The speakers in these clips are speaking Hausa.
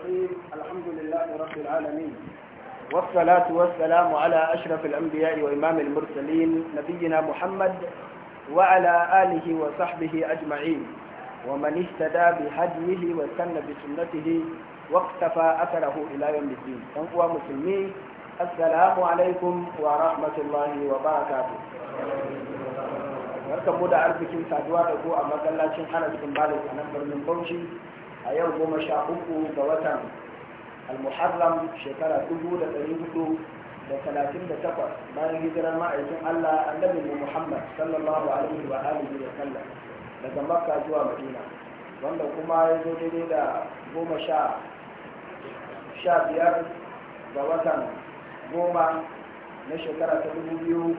الرحيم الحمد لله رب العالمين والصلاة والسلام على أشرف الأنبياء وإمام المرسلين نبينا محمد وعلى آله وصحبه أجمعين ومن اهتدى بهديه واستنى بسنته واقتفى أثره إلى يوم الدين أنقوى مسلمين السلام عليكم ورحمة الله وبركاته barkan mu da arzikin saduwa da ku a masallacin hana cikin balo a nan birnin bauchi a yau goma sha uku ga watan al-muharram shekara dubu da ɗari hudu da talatin da takwas bayan hijirar ma'aikin allah annabi muhammad sallallahu alaihi wa alihi wa sallam daga makka zuwa madina wanda kuma ya zo daidai da goma sha sha biyar ga watan goma na shekara ta dubu biyu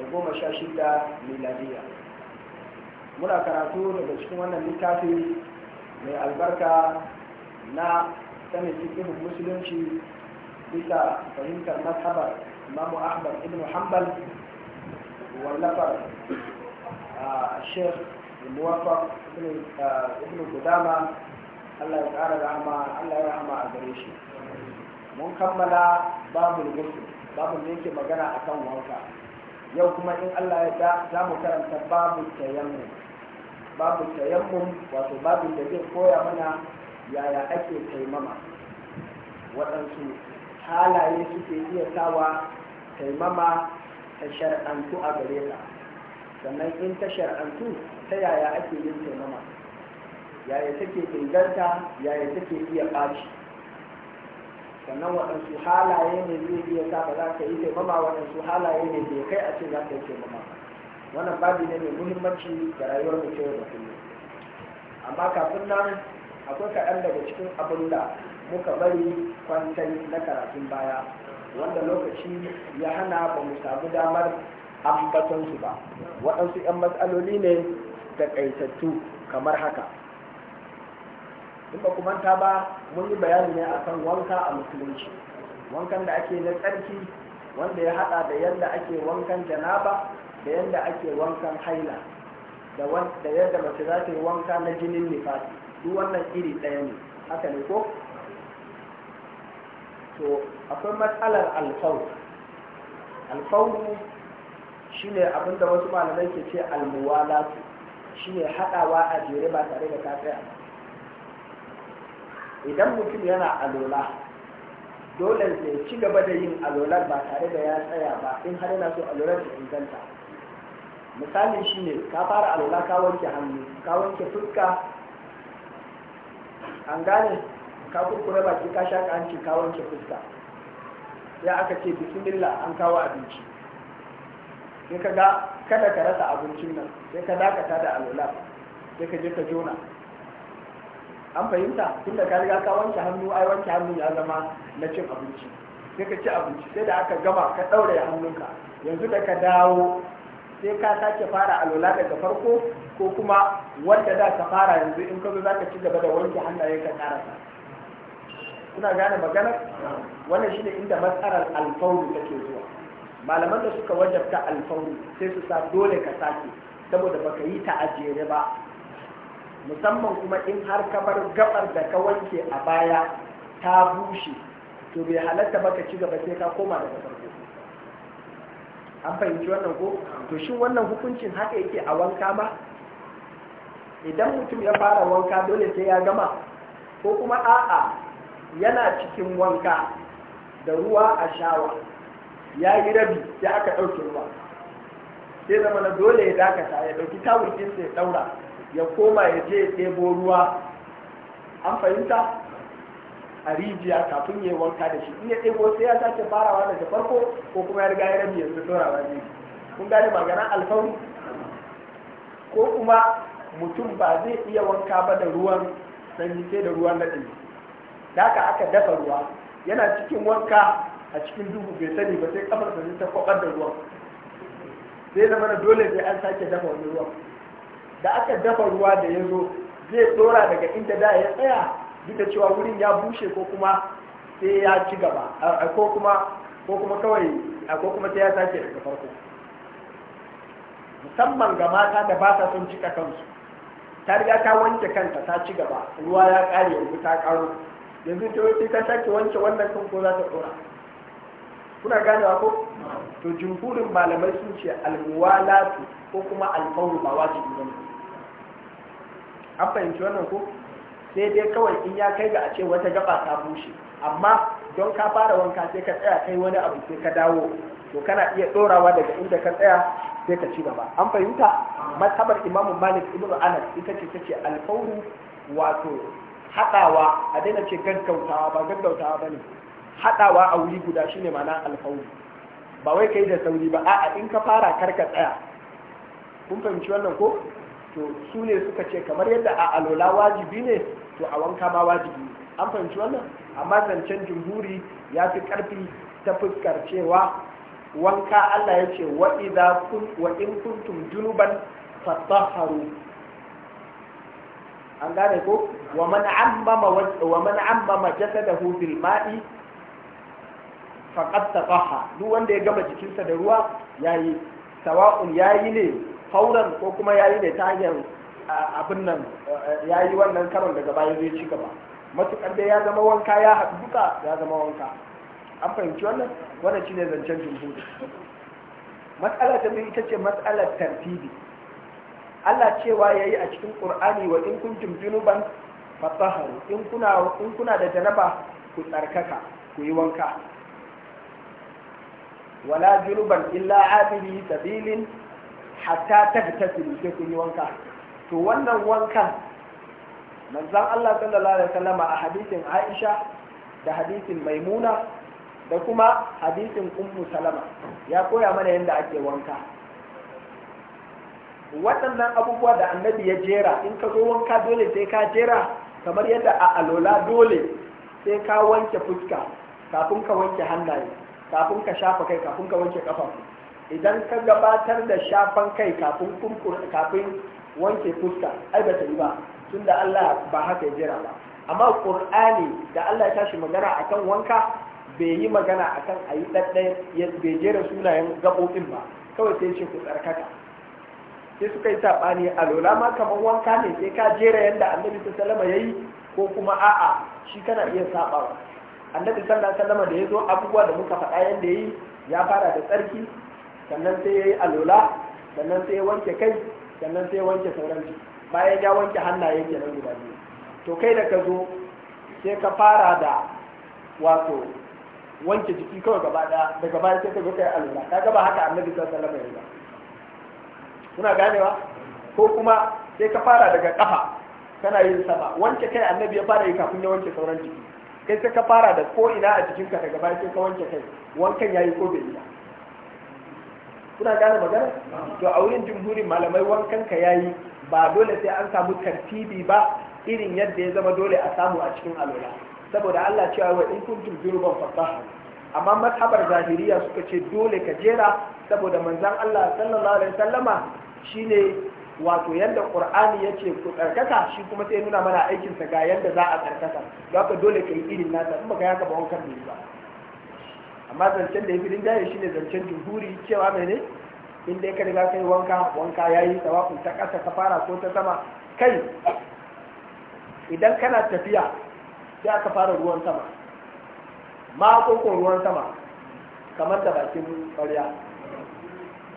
da goma sha shida miladiya muna karatu daga cikin wannan littafi mai albarka na sanin cikin musulunci bisa fahimtar mas'abar imamu ahmad ibn hanbal wallafar shekh muwaffaq ibn gudama allah ya ƙara rahama allah ya rahama a gare shi mun kammala babul gusu da yake magana akan wanka yau kuma in allah ya da za mu karanta babu tayammu babu tayammum wato babu da zai koya mana yaya ake taimama waɗansu halaye suke iya sawa taimama ta shar'antu a gare ka sannan in ta shar'antu ta yaya ake yin taimama yaya take inganta yaya take iya ɓaci sannan waɗansu halaye ne zai iya sa ba za ka yi taimama waɗansu halaye ne bai kai a ce za ka yi taimama wannan babi ne mai muhimmanci ga rayuwar mu yau da kullum amma kafin nan akwai kaɗan daga cikin abin da muka bari kwantar na karatun baya wanda lokaci ya hana ba mu samu damar ambatonsu ba waɗansu 'yan matsaloli ne da ƙaitattu kamar haka in ba manta ba mun yi bayani ne akan wanka a musulunci wankan da ake na tsarki wanda ya haɗa da yadda ake wankan janaba da yadda ake wankan haila da yadda mace za ta yi wanka na jinin nifasi duk wannan iri ɗaya ne haka ne ko to akwai matsalar alfau alfau shi ne abinda wasu malamai ke ce shi ne haɗawa a jere ba tare da ka tsaya idan mutum yana alola dole ne ci gaba da yin alolar ba tare da ya tsaya ba in har yana so alolar ta inganta misali shi ne- ka fara alwala ka wanke hannu ka wanke fuska an gane ka kurkure baki ka shaka hanci ka wanke fuska ya aka ce bismillah an kawo abinci sai ka ga kada ka rasa abincin nan sai ka dakata da alwala sai ka je ka jona an fahimta tunda ka riga ka wanke hannu ai wanke hannu ya zama na cin abinci sai ka ci abinci sai da aka gama ka ɗaure hannunka yanzu da ka dawo sai ka sake fara alola daga farko ko kuma wanda za ka fara yanzu in ka zo za ka ci gaba da wanke hannaye ka karasa kuna gane magana wannan shine inda matsalar alfauru take zuwa malaman da suka wajabta alfauru sai su sa dole ka sake saboda baka yi ta ajere ba musamman kuma in har ka bar gabar da ka wanke a baya ta bushe to bai halatta baka ci gaba sai ka koma daga an fahimci wannan ko to shin wannan hukuncin haka yake a wanka ma idan mutum ya fara wanka dole sai ya gama ko kuma a'a yana cikin wanka da ruwa a shawa ya yi rabi sai aka ɗauke ruwa sai zama na dole ya dakata ya ɗauki tawul ya ɗaura ya koma ya je ya ɗebo ruwa an fahimta a rijiya kafin ya yi wanka da shi in ya ɗebo sai ya sake farawa daga farko ko kuma ya riga ya rabi yanzu ɗorawa ne kun gane magana alfahun? ko kuma mutum ba zai iya wanka ba da ruwan sanyi sai da ruwan naɗi da aka aka dafa ruwa yana cikin wanka a cikin duhu bai sani ba sai kafar sa ta kwakar da ruwan sai zama na dole sai an sake dafa wani ruwan da aka dafa ruwa da ya zo zai tsora daga inda da ya tsaya duk da cewa wurin ya bushe ko kuma sai ya ci gaba ko kuma ko kuma kawai ko kuma sai ya sake daga farko musamman ga mata da ba sa son cika kansu ta riga ta wanke kanta ta ci gaba ruwa ya kare yanzu ta karo yanzu ta wuce ta sake wanke wannan kan ko za ta dora kuna gane ko to jumhurin malamai sun ce almuwalatu ko kuma alfawru ba wajibi ne. an fahimci wannan ko sai dai kawai in ya kai ga a ce wata gaba ta bushe amma don ka fara wanka sai ka tsaya kai wani abu sai ka dawo to kana iya dorawa daga inda ka tsaya sai ka ci gaba an fahimta mazhabar imamu malik ibn anas ita ce take alfauru wato hadawa a daina ce gaggautawa ba gaggautawa bane hadawa a wuri guda shine ma'ana alfauru ba wai kai da sauri ba a'a in ka fara karka tsaya kun fahimci wannan ko to su ne suka ce kamar yadda a alola wajibi ne to a wanka ma wajibi an fahimci wannan amma zancen jumhuri ya fi karfi ta fuskar cewa wanka Allah ya ce wa idza kun wa in kuntum junuban fatahharu an gane ko wa man ammama wa man ammama jasadahu bil ma'i faqad tatahha duk wanda ya gama jikinsa da ruwa yayi sawa'un yayi ne fauran ko kuma ya yi ne ta hanyar abin nan ya yi wannan karon daga baya zai ci gaba matukar dai ya zama wanka ya haɗu duka ya zama wanka an fahimci wannan wannan shi ne zancen jumhuri Matsalar ta biyu ita ce matsalar tartibi Allah cewa ya yi a cikin ƙur'ani wa in kuntum junuban fatsaharu in kuna in kuna da janaba ku tsarkaka ku yi wanka wala junuban illa abili sabilin hatta ta fita su sai kun yi wanka to wannan wankan manzon Allah sallallahu alaihi a hadisin Aisha da hadisin Maimuna da kuma hadisin Ummu Salama ya koya mana yadda ake wanka waɗannan abubuwa da annabi ya jera in ka zo wanka dole sai ka jera kamar yadda a alola dole sai ka wanke fuska kafin ka wanke hannaye kafin ka shafa kai kafin ka wanke kafafu idan ka gabatar da shafan kai kafin kafin wanke fuska ai ba ta yi ba tunda Allah ba haka jira ba amma qur'ani da Allah ya tashi magana akan wanka bai yi magana akan ayi daddai ya bai jera sunayen gabobin ba kawai sai ce ku tsarkaka sai suka yi sabani alola ma kamar wanka ne sai ka jera yanda annabi sallallahu alaihi yayi ko kuma a'a shi kana iya sabawa annabi sallallahu alaihi wasallam da yazo abubuwa da muka faɗa yanda yayi ya fara da tsarki sannan sai ya yi alola sannan sai ya wanke kai sannan sai ya wanke sauran jiki bayan ya wanke hannaye nan guda biyu to kai da ka zo sai ka fara da wato wanke jiki kawai gaba daya daga baya sai ka zo kai alola ka gaba haka annabi sallallahu alaihi wasallam ya yi kuna ganewa ko kuma sai ka fara daga kafa kana yin sama wanke kai annabi ya fara yi kafin ya wanke sauran jiki kai sai ka fara da ko ina a jikinka daga baya sai ka wanke kai wankan yayi ko bai yi ba kuna gane magana to a wurin jumhurin malamai wankan ka yayi ba dole sai an samu tartibi ba irin yadda ya zama dole a samu a cikin alwala saboda Allah cewa wa in kuntum juruban fasahu amma mazhabar zahiriya suka ce dole ka jera saboda manzon Allah sallallahu alaihi wasallama shine wato yadda qur'ani yace ku tsarkaka shi kuma sai nuna mana aikin sa ga yadda za a tsarkaka haka dole ka yi irin nasa in baka yaka ba wankan ne ba amma zancen da ya fi rinjaye shi ne zancen jumhuri cewa mai ne inda dai ka riga ka yi wanka wanka ya yi tsawafin ta ƙasa ka fara ko ta sama kai idan kana tafiya sai aka fara ruwan sama ma kokon ruwan sama kamar da bakin ƙwarya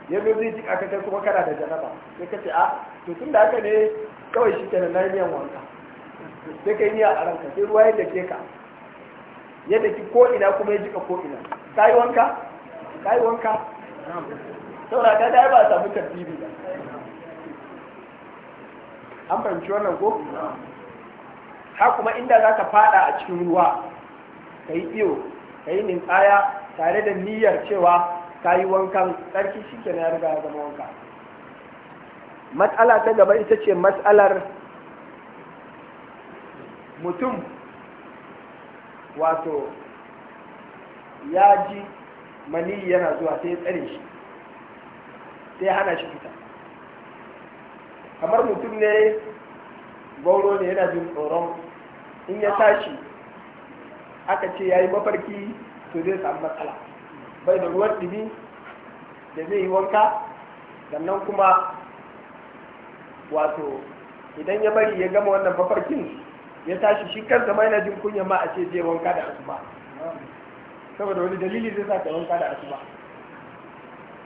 ya zo zai jika kai kuma kana da janaba sai ka ce a to tun da haka ne kawai shi kenan na niyan wanka sai ka yi niyya a ranka sai ruwa ya dake ka ya daki ko ina kuma ya jika ko ina kayi wanka kayi wanka saura ka ga ba a samu tartibi ba an fahimci wannan ko ha kuma inda zaka ka fada a cikin ruwa kayi yi iyo ka yi nintsaya tare da niyyar cewa ka yi wankan tsarki shi ke ya riga zama wanka matsala ta gaba ita ce matsalar mutum wato ya ji mani yana zuwa sai ya tsare shi sai hana shi fita kamar mutum ne gauro ne yana jin tsoron in ya tashi aka ce ya yi mafarki to zai samu matsala bai da ruwan ɗumi da zai yi wanka sannan kuma wato idan ya bari ya gama wannan mafarkin ya tashi shi kansa ma yana jin kunya ma a ce je wanka da asuba saboda wani dalili zai sa ka wanka da asuba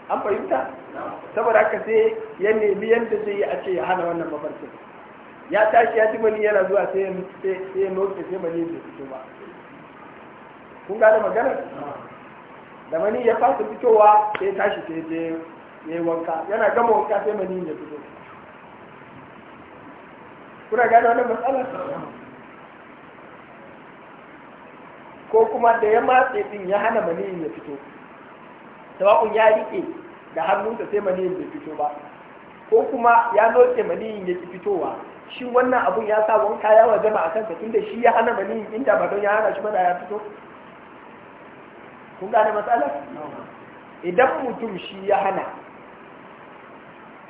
an fahimta saboda haka sai ya nemi yadda zai yi a ce ya hana wannan mafarkin ya tashi ya ji mani yana zuwa sai ya noke sai mani bai fito ba kun gane magana da mani ya fasa fitowa sai ya tashi sai je ya yi wanka yana gama wanka sai mani ya fito kuna gane wannan matsalar ko kuma da ya matse din ya hana maniyin ya fito tawakun ya riƙe da hannunsa sai maniyin bai fito ba ko kuma ya noke maniyin ya ki fitowa shi wannan abun ya sa wanka ya wajaba a kansa tunda shi ya hana maniyin inda ba don ya hana shi mana ya fito kun gane matsala idan mutum shi ya hana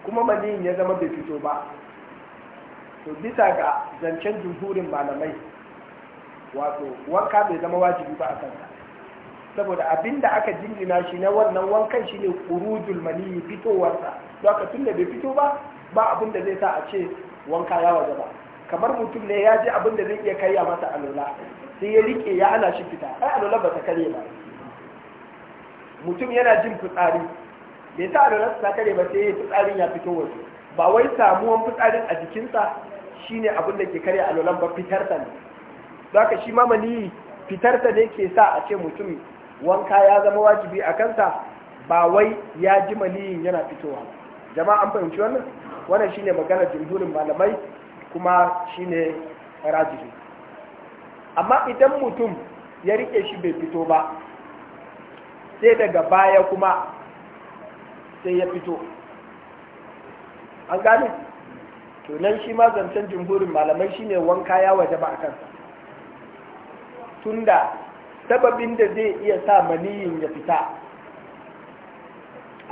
kuma maniyin ya zama bai fito ba to bisa ga zancen jumhurin malamai wato wanka bai zama wajibi ba a kanka saboda abinda aka jingina shi na wannan wankan shi ne ƙurujul maniyi fitowarsa don haka tun bai fito ba ba abinda zai sa a ce wanka ya waje ba kamar mutum ne ya je abinda zai iya karya masa alola sai ya rike ya ana shi fita ai alola ba ta kare ba mutum yana jin fitsari bai sa alola ta kare ba sai fitsarin ya fito waje ba wai samuwan fitsarin a jikinsa shine abinda da ke karya alolan ba fitar ne zaka shi ma maniyi fitarsa ne ke sa a ce mutum wanka ya zama wajibi a kansa ba wai ya ji maliyin yana fitowa jama'a an fahimci wannan wannan shine maganar jumhurin malamai kuma shine rajihi amma idan mutum ya rike shi bai fito ba sai daga baya kuma sai ya fito an gane to nan shi ma zancen jumhurin malamai shine wanka ya waje ba a kansa tunda sababin da zai iya sa maniyin ya fita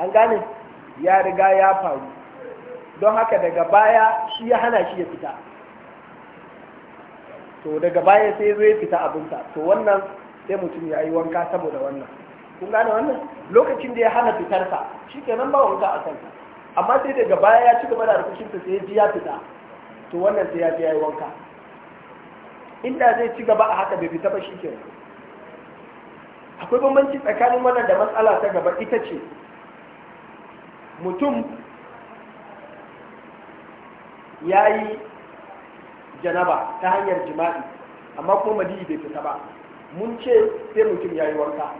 an gane ya riga ya faru don haka daga baya shi ya hana shi ya fita to daga baya sai zai fita abinsa to wannan sai mutum ya yi wanka saboda wannan kun gane wannan lokacin da ya hana fitarsa shi kenan ba wanka a kansa amma sai daga baya ya ci gaba da harkokinsa sai ya ji ya fita to wannan sai ya ji ya yi wanka inda zai ci gaba a haka bai fita ba shi ke akwai bambanci tsakanin wannan da matsala ta gaba ita ce mutum ya yi janaba ta hanyar jima'i amma kuma maliyi bai fita ba mun ce sai mutum ya yi wanka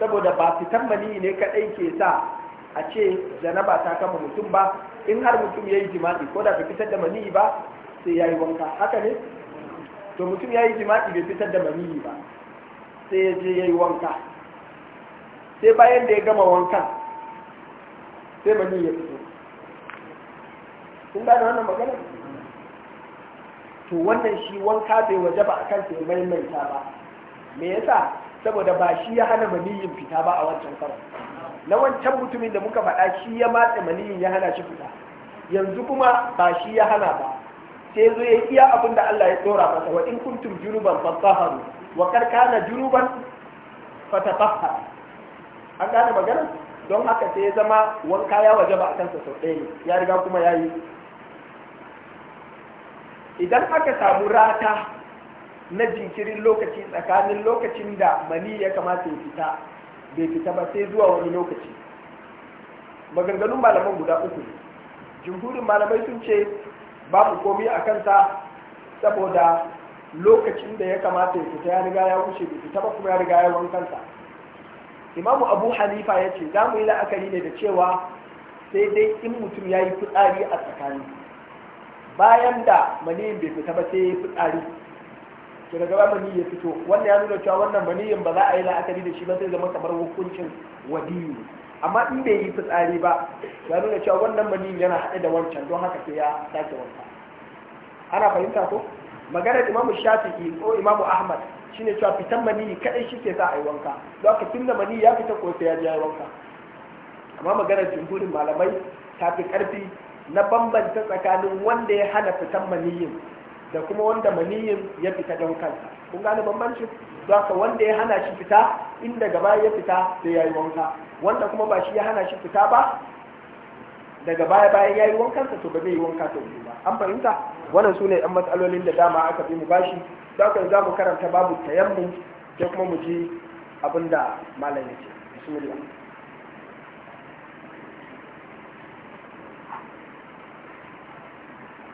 saboda ba fitan maliyi ne kaɗai ke sa a ce janaba ta kama mutum ba in har mutum ya yi jima'i ko da fitar da maliyi ba sai ya yi wanka haka ne to mutum ya yi jima'i bai fitar da maniyi ba sai ya je ya yi wanka sai bayan da ya gama wankan sai maniyi ya fito kun gane wannan magana to wannan shi wanka bai waje ba a kansa mai maimaita ba me yasa saboda ba shi ya hana maniyin fita ba a wancan karon na wancan mutumin da muka faɗa shi ya matse maniyin ya hana shi fita yanzu kuma ba shi ya hana ba sai zo ya iya abin da Allah ya tsora masa wa in kuntum junuban fatahharu wa kar kana junuban fatatahhar an gane magana don haka sai ya zama wanka ya waje ba kansa sau ɗaya ya riga kuma ya yi idan aka samu rata na jinkirin lokaci tsakanin lokacin da mani ya kamata ya fita bai fita ba sai zuwa wani lokaci maganganun malaman guda uku ne jumhurin malamai sun ce babu komi a kansa saboda lokacin da ya kamata ya fita ya riga ya wuce bai fita ba kuma ya riga ya wankansa imamu abu hanifa ya ce za mu yi la'akari ne da cewa sai dai in mutum ya yi fitsari a tsakani bayan da maniyin bai fita ba sai ya yi fitsari to daga ba ya fito wannan ya nuna cewa wannan maniyin ba za a yi la'akari da shi ba sai zama kamar hukuncin wadiyu amma in bai yi fitsari ba ya nuna cewa wannan maniyin yana haɗe da wancan don haka sai ya sake wanka ana fahimta ko maganar imamu shafi'i ko imamu ahmad shine cewa fitan maniyi kadai shi ke sa a yi wanka don haka tunda da ya fita ko sai ya je ya yi wanka amma maganar jumhurin malamai ta fi karfi na bambanta tsakanin wanda ya hana fitan maniyin da kuma wanda maniyin ya fita don kansa kun gane bambanci Za ka wanda ya hana shi fita inda gaba ya fita sai ya yi wanka wanda kuma ba shi ya hana shi fita ba daga baya bayan ya yi wankansa to ba zai yi wanka ta biyu ba an fahimta wannan su ne ɗan matsalolin da dama aka bi mu bashi ka haka za mu karanta babu tayammum sai kuma mu ji abin da malam ya ce bismillah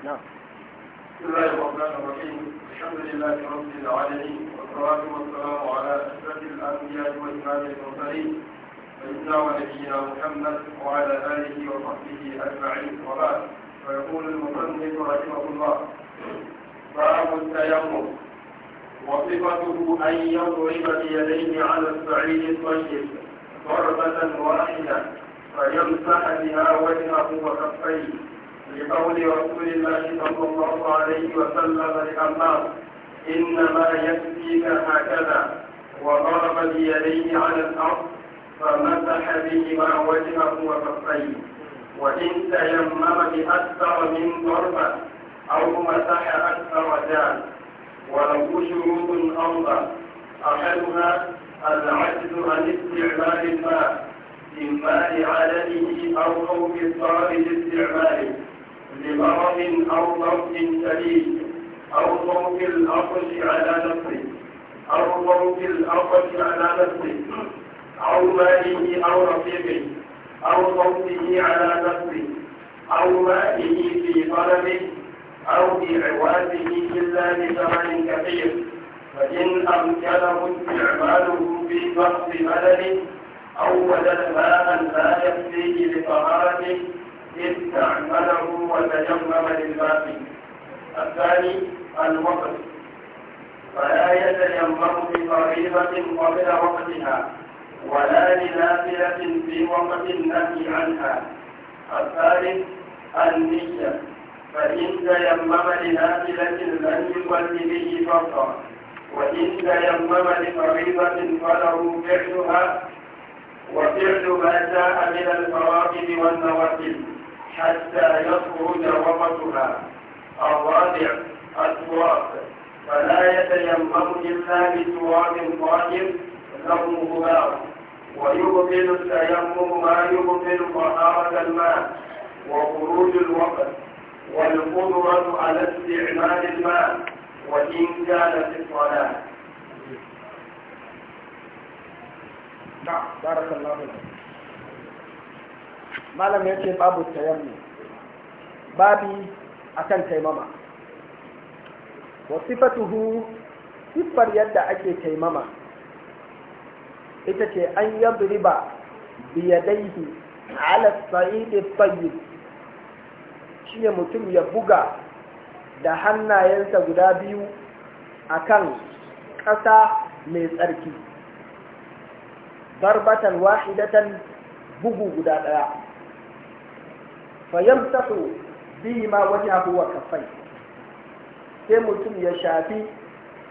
na'am بسم الله الرحمن الرحيم الحمد لله رب العالمين والصلاة والسلام على أشرف الأنبياء وإمام المرسلين سيدنا ونبينا محمد وعلى آله وصحبه أجمعين وبعد فيقول المصنف رحمه الله باب التيمم وصفته أن يضرب بيديه على الصعيد الطيب ضربة واحدة فيمسح بها وجهه وكفيه لقول رسول الله صلى الله عليه وسلم لعمار إنما يكفيك هكذا وضرب بيديه على الأرض فمسح بهما وجهه وكفيه وإن تيمم بأكثر من ضربة أو مسح أكثر جان وله شروط أربع أحدها العجز عن استعمال الماء من ماء عدده أو خوف الضرر لاستعماله لمرض أو ضوء شديد أو ضوء الأقص على نفسه أو ضوء الأقص على نفسه أو ماله أو رفيقه أو ضوءه على نفسه أو ماله في طلبه أو في عوازه إلا بثمن كثير فإن أمكنه استعماله في فرض مدده أو وجد ماء لا يكفيه لطهارته استعمله وتيمم للباقي الثاني الوقت فلا يتيمم بفريضة قبل وقتها ولا لنافلة في وقت النهي عنها الثالث النية فإن تيمم لنافلة لم يولي به فرضا وإن تيمم لفريضة فله فعلها وفعل ما جاء من الفرائض والنوافل حتى يخرج وقتها الرابع التراب فلا يتيمم إلا بتراب طاهر له غبار ويقبل التيمم ما يقبل طهارة الماء وخروج الوقت والقدرة على استعمال الماء وإن كان في الصلاة. نعم بارك الله فيك. malam ya ce babu tayammu babi akan taimama wa sifatuhu siffar yadda ake taimama ita ce an yadriba biyadaihi ala sa'idi tayyib ne mutum ya buga da hannayensa guda biyu akan ƙasa mai tsarki barbatan wahidatan bugu guda ɗaya fayamtahu ma wajahu wa kaffai sai mutum ya shafi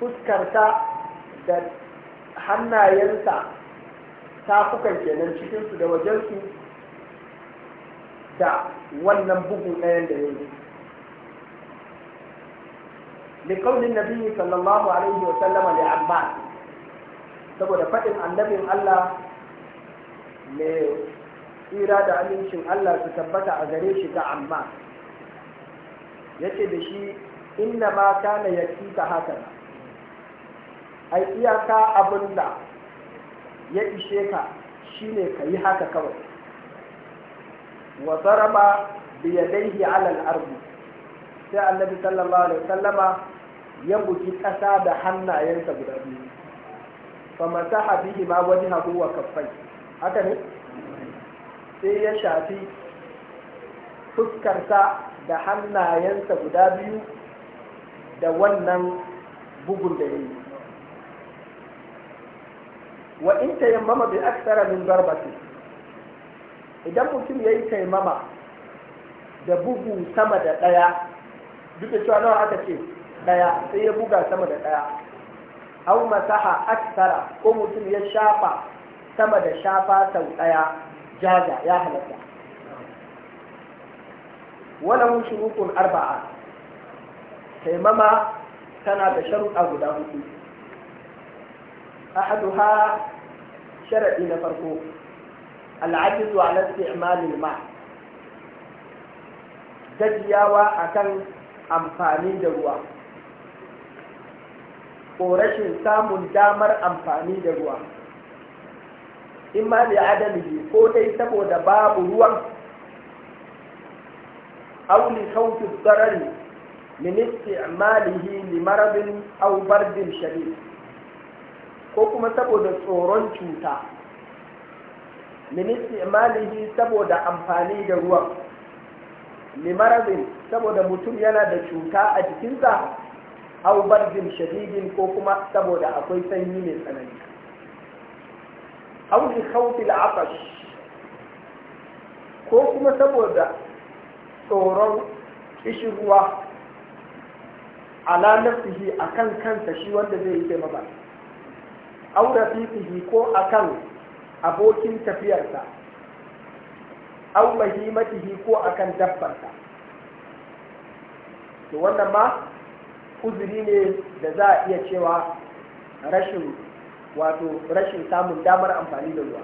fuskarta da hannayensa tafukan kenan cikinsu da wajensu da wannan bugu ɗayan da ya yi لقول النبي صلى الله عليه وسلم لعباس saboda faɗin annabin Allah mai tsira da amincin Allah su tabbata a gare shi ga amma yace da shi inna ma kana yakika haka ai iyaka da ya ishe ka shine ka yi haka kawai wa zaraba bi yadayhi ala sai annabi sallallahu alaihi wasallama ya buki ƙasa da hannayensa guda biyu fa masaha bihi ma wajhahu wa kaffai haka ne sai ya shafi fuskarsa da hannayensa guda biyu da wannan bugun da ya yi wa in tayammama bi aksara min darbati idan mutum ya yi tayammama da bugu sama da ɗaya duk da cewa nawa aka ce ɗaya sai ya buga sama da ɗaya au masaha aksara ko mutum ya shafa sama da shafa sau ɗaya jaza ya halatta walahu shurukun arba'a taimama tana da sharuɗa guda hudu ahaduha sharaɗi na farko al'ajizu ala isti'malil ma gajiyawa akan amfani da ruwa ko rashin samun damar amfani da ruwa in ma bi adamihi ko dai saboda babu ruwan aw li khawfi darari min isti'malihi li maradin aw bardin shadid ko kuma saboda tsoron cuta min isti'malihi saboda amfani da ruwan li maradin saboda mutum yana da cuta a jikinsa aw bardin shadidin ko kuma saboda akwai sanyi mai tsanani au li khawfi al ko kuma saboda tsoron ruwa, ala nafsihi akan kansa shi wanda zai yi taimaka au rafiqihi ko akan abokin tafiyarsa au mahimatihi ko akan dabbarsa to wannan ma kuzuri ne da za a iya cewa rashin wato rashin samun damar amfani da ruwa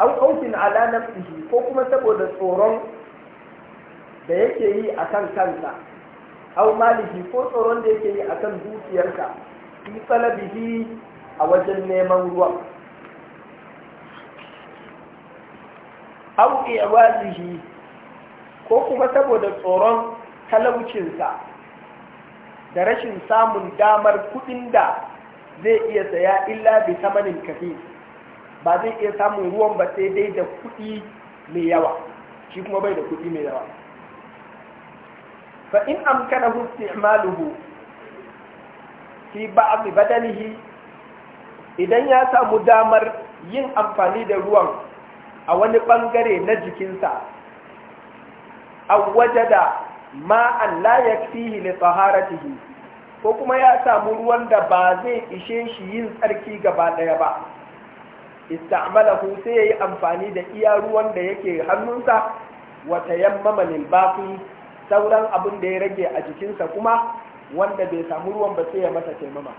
an kaufin ala ihi ko kuma saboda tsoron da yake yi a kan kansa au malihi ko tsoron da yake yi a kan dukiyarka fi talabihi a wajen neman ruwan au iwazihi ko kuma saboda tsoron talaucinsa da rashin samun damar kuɗin da zai iya saya illa bi samanin kafi ba zai iya samun ruwan ba sai dai da kuɗi mai yawa shi kuma bai da kuɗi mai yawa fa in amkanahu isti'maluhu fi ba'd badalihi idan ya samu damar yin amfani da ruwan a wani bangare na jikinsa aw wajada ma'an la yakfihi li taharatihi ko kuma ya samu ruwan da ba zai ishe shi yin tsarki gaba ɗaya ba istamalahu sai ya yi amfani da iya ruwan da yake hannunsa wata yammama lilbafi sauran abin da ya rage a jikinsa kuma wanda bai samu ruwan ba sai ya masa taimama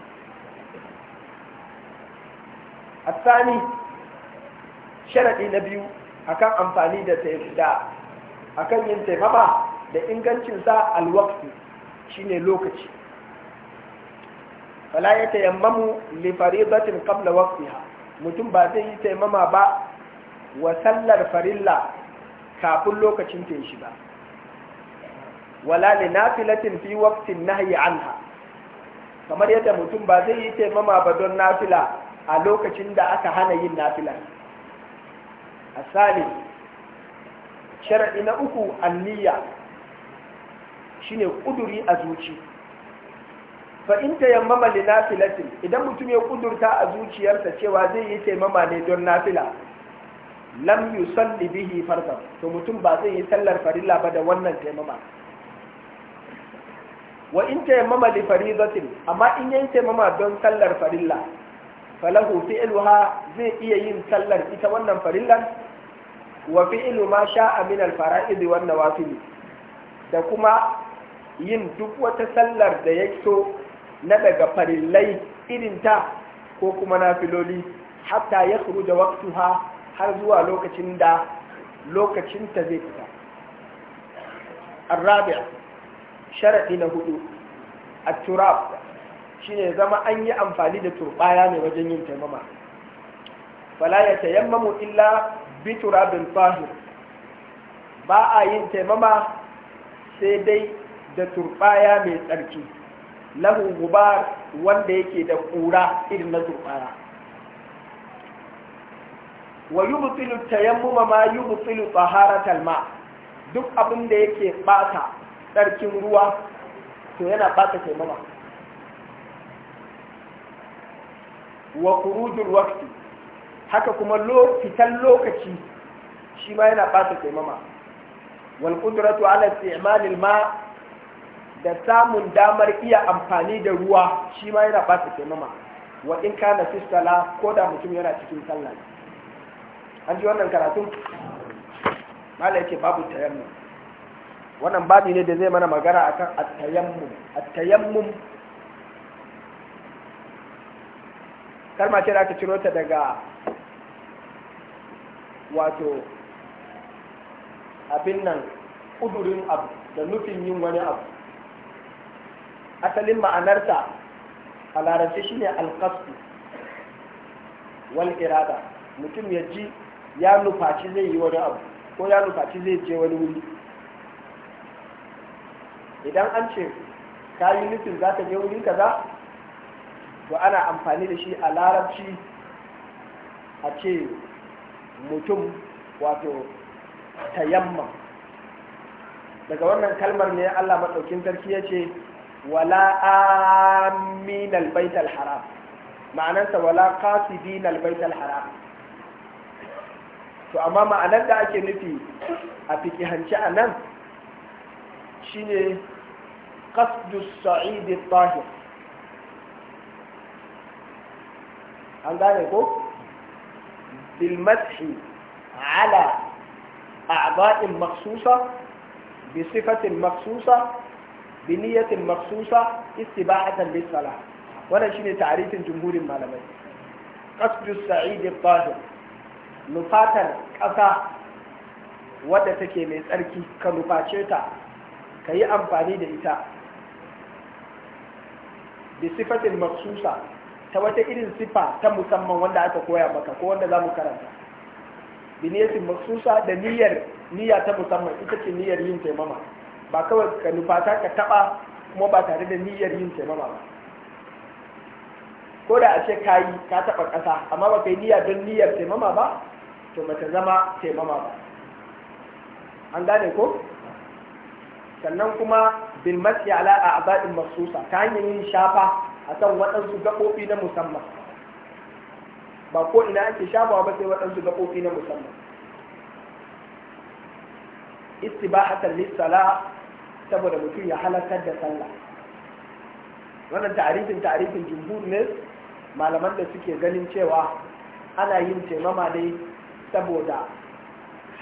الثاني sharaɗi na biyu akan amfani da da akan yin taimama da ingancinsa alwaktu shine lokaci fala ya tayammamu li faridatin qabla waqtiha mutum ba zai yi tayammama ba wa sallar farilla kafin lokacin ta shi ba wala li nafilatin fi waqtin nahyi anha kamar yadda mutum ba zai yi tayammama ba don nafila a lokacin da aka hana yin nafila asali shar'i na uku anniya shine kuduri a zuci. fa in tayammama li nafilatin idan mutum ya kudurta a zuciyarsa cewa zai yi taimama ne don nafila lam yusalli bihi farza to mutum ba zai yi sallar farilla ba da wannan taimama wa in tayammama li faridatin amma in yayi taimama don sallar farilla falahu fi'luha zai iya yin sallar ita wannan farillan wa fi'lu ma sha'a min al-fara'id wa nawafil da kuma yin duk wata sallar da ya so na daga farillai ta, ko kuma na filoli hatta ya kuru da ha har zuwa lokacin da lokacinta zai fita rabia sharaɗi na hudu a turab shine zama an yi amfani da turbaya mai wajen yin taimama fala ya tayammamu illa bi turabin fahim ba a yin taimama sai dai da turbaya mai tsarki lahu gubar wanda yake da kura irin na turbara wa yubtilu tayammuma ma yubtilu taharatal ma duk abin da yake bata tsarkin ruwa to yana bata taimama wa khurujul waqti haka kuma fitan lokaci shi ma yana bata taimama wal qudratu ala isti'malil ma' da samun damar iya amfani da ruwa shi ma yana ba su taimama wa in kana ko da mutum yana cikin sallah an ji wannan karatun mala yake babu tayammum wannan babu ne da zai mana magana akan at-tayammum at-tayammum kalma ce da aka ciro ta daga wato abin nan kudurin abu da nufin yin wani abu asalin ma'anarta a larabci shine alkastu wal irada mutum ya ji ya nufaci zai yi wani abu ko ya nufaci zai je wani wuri idan an ce ka yi nufin za ta je wuri kaza to ana amfani da shi a larabci a ce mutum wato tayamma daga wannan kalmar ne allah maɗaukin sarki ya ce wala amin albayt alharam ma'anarsa wala qasidin albayt alharam to amma ma'anar da ake nufi a fikihance a nan shine qasdu sa'id tahir an gane ko bil mathi ala a'da'in makhsusa bi sifatin makhsusa bi niyyatin maksusa istibahatan lis salah wannan shine ta'arifin jumhurin malamai qasdu sa'id al-tahir nufatar ƙasa wadda take mai tsarki ka nuface ta ka yi amfani da ita bi sifatin maksusa ta wata irin sifa ta musamman wanda aka koya maka ko wanda za mu karanta bi niyatin maksusa da niyyar niyya ta musamman ita ce niyyar yin taimama ba kawai ka nufata ka taba kuma ba tare da niyyar yin taimama ba ko da a ce ka yi ka taba kasa amma ba ka yi niyya don niyyar taimama ba to ba ta zama taimama ba an gane ko sannan kuma bilmasi masi ala a abadin masusa ta hanyar yin shafa a kan waɗansu gaɓoɓi na musamman ba ko ina ake shafawa ba sai waɗansu gaɓoɓi na musamman istibahatan lissala saboda mutum ya halartar da sallah wannan tarihin tarihin jumhur ne malaman da suke ganin cewa ana yin taimama ne saboda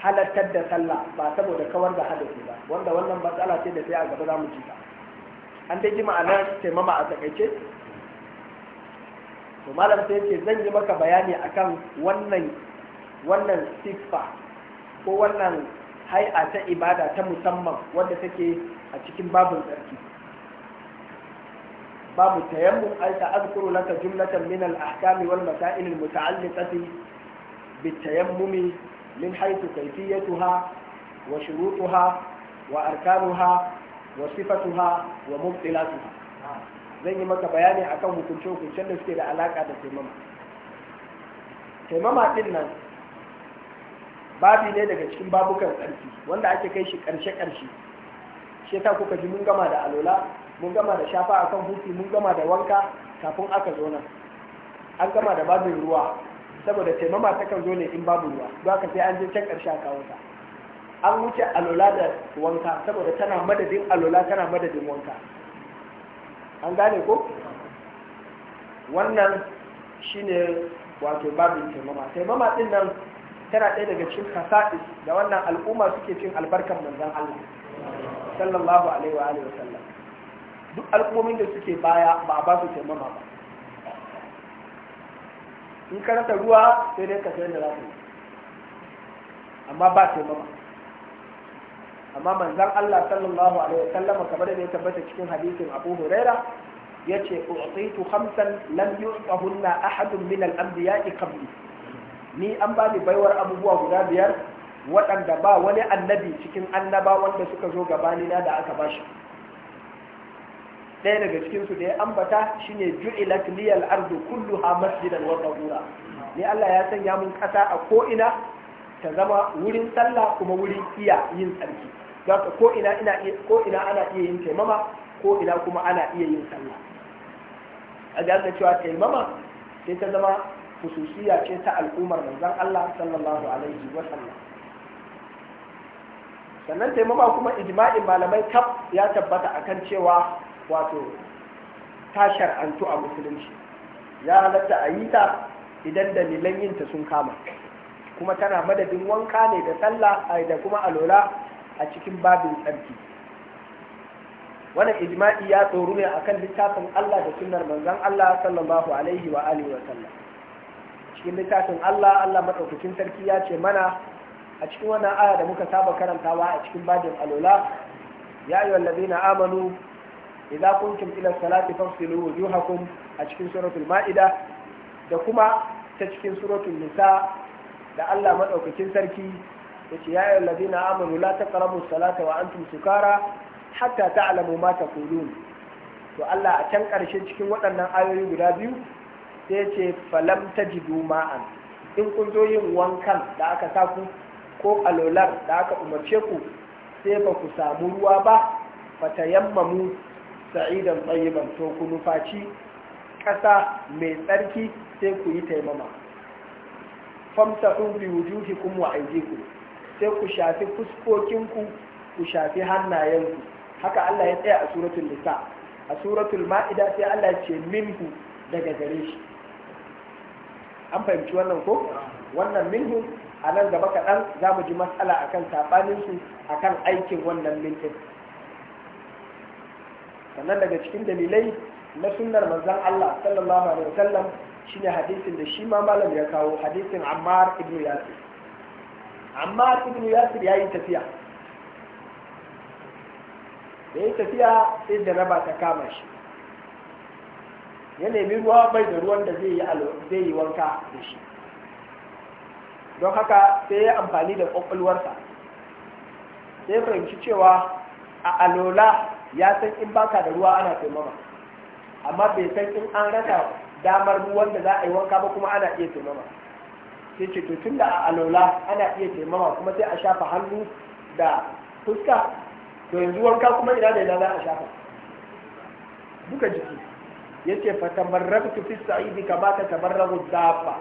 halartar da sallah ba saboda kawar da hadisi ba wanda wannan matsala ce da sai a gaba za mu ji ta, an dai ji ma'anar taimama a takaice to malam sai ce zan yi maka bayani akan wannan wannan siffa ko wannan hai'a ta ibada ta musamman wadda take a cikin babin tsarki babu tayammum ay ta'adhkuru laka jumlatan min al-ahkam wal masail al-muta'alliqati bit-tayammum min haythu kayfiyatuha wa shurutuha wa arkanuha wa sifatuha wa mubtilatuha zan yi maka bayani akan hukunce-hukuncen da suke da alaka da taimama taimama din nan babi ne daga cikin babukan ƙarfi wanda ake kai shi ƙarshe-ƙarshe shi ta kuka ji mun gama da alola mun gama da shafa a kan hutu mun gama da wanka kafin aka zo nan an gama da babin ruwa saboda taimama takan zo ne in babu ruwa ba ka sai an je can ƙarshe a kawo ta an wuce alola da wanka saboda tana madadin alola tana madadin wanka an gane ko wannan shine wato babin taimama taimama din nan tana ɗaya daga cikin kasa'is da wannan al'umma suke cin albarkan Manzan Allah sallallahu alaihi wa alihi wasallam duk al'ummomin da suke baya ba ba su taimama ba in ka rasa ruwa sai dai ka sayar da za amma ba taimama amma manzan Allah sallallahu alaihi wa wasallam kamar da ya tabbata cikin hadisin Abu Huraira yace u'titu khamsan lam yu'tahunna ahadun min al-anbiya'i qabli ni an bani baiwar abubuwa guda biyar waɗanda ba wani annabi cikin annaba wanda suka zo na da aka ba shi. ɗaya daga cikinsu da ya ambata shine ju'ilat liyal ardu ha masjidan wa tahura ni Allah ya sanya mun ƙasa a ko ina ta zama wurin sallah kuma wurin iya yin tsarki Za ko ina ko ina ana iya yin taimama ko ina kuma ana iya yin sallah a ga cewa taimama sai ta zama khususiyya ce ta al'ummar manzon Allah sallallahu alaihi wa sallam sannan taimakon kuma ijma'in malamai kaf ya tabbata akan cewa wato tashar 'antu a musulunci ya halatta a yi ta idan dalilan yinta sun kama kuma tana madadin wanka ne da sallah da kuma alola a cikin babin tsarki wannan ijma'i ya tsoro ne akan littafin Allah da sunnar manzon Allah sallallahu alaihi wa alihi wa sallam cikin littafin Allah Allah madaukakin sarki ya ce mana a cikin wannan aya da muka saba karantawa a cikin bajin alola ya ayyuhal ladina amanu idza kuntum ila salati fafsilu wujuhakum a cikin suratul ma'ida da kuma ta cikin suratul nisa da Allah madaukakin sarki yace ya ayyuhal ladina amanu la taqrabu salata wa antum sukara hatta ta'lamu ma taqulun to Allah a can karshe cikin waɗannan ayoyi guda biyu sai ce falam ji ma'an in kun zo yin wankan da aka sa ku ko alolar da aka umarce ku sai ba ku samu ruwa ba fata mu, sa'idan tsayiban to ku nufaci ƙasa mai tsarki sai ku yi taimama famsahun bi kuma wa aydikum sai ku shafi fuskokinku ku shafi hannayenku haka Allah ya tsaya a suratul nisa a suratul ma'ida sai Allah ya ce minhu daga gare shi an fahimci wannan ko wannan minhu a nan gaba kaɗan za mu ji matsala a akan saɓaninsu kan aikin wannan mintin sannan daga cikin dalilai na sunnar manzon Allah sallallahu alaihi wasallam shine hadisin da shi ma malam ya kawo hadisin Ammar ibn Yasir Ammar ibn Yasir yayi tafiya da yi tafiya sai da raba ta kama shi ya nemi ruwa bai da ruwan da zai yi wanka da shi don haka sai ya amfani da ƙwaƙwalwarsa sai fahimci cewa a alola ya san in baka da ruwa ana taimama amma bai san in an rasa damar ruwan da za a yi wanka ba kuma ana iya taimama sai ce to da a alola ana iya taimama kuma sai a shafa hannu da fuska to yanzu wanka kuma ina da ina za a shafa duka jiki yace fa tamarrabtu fi sa'idi kama ta tamarrabu dabba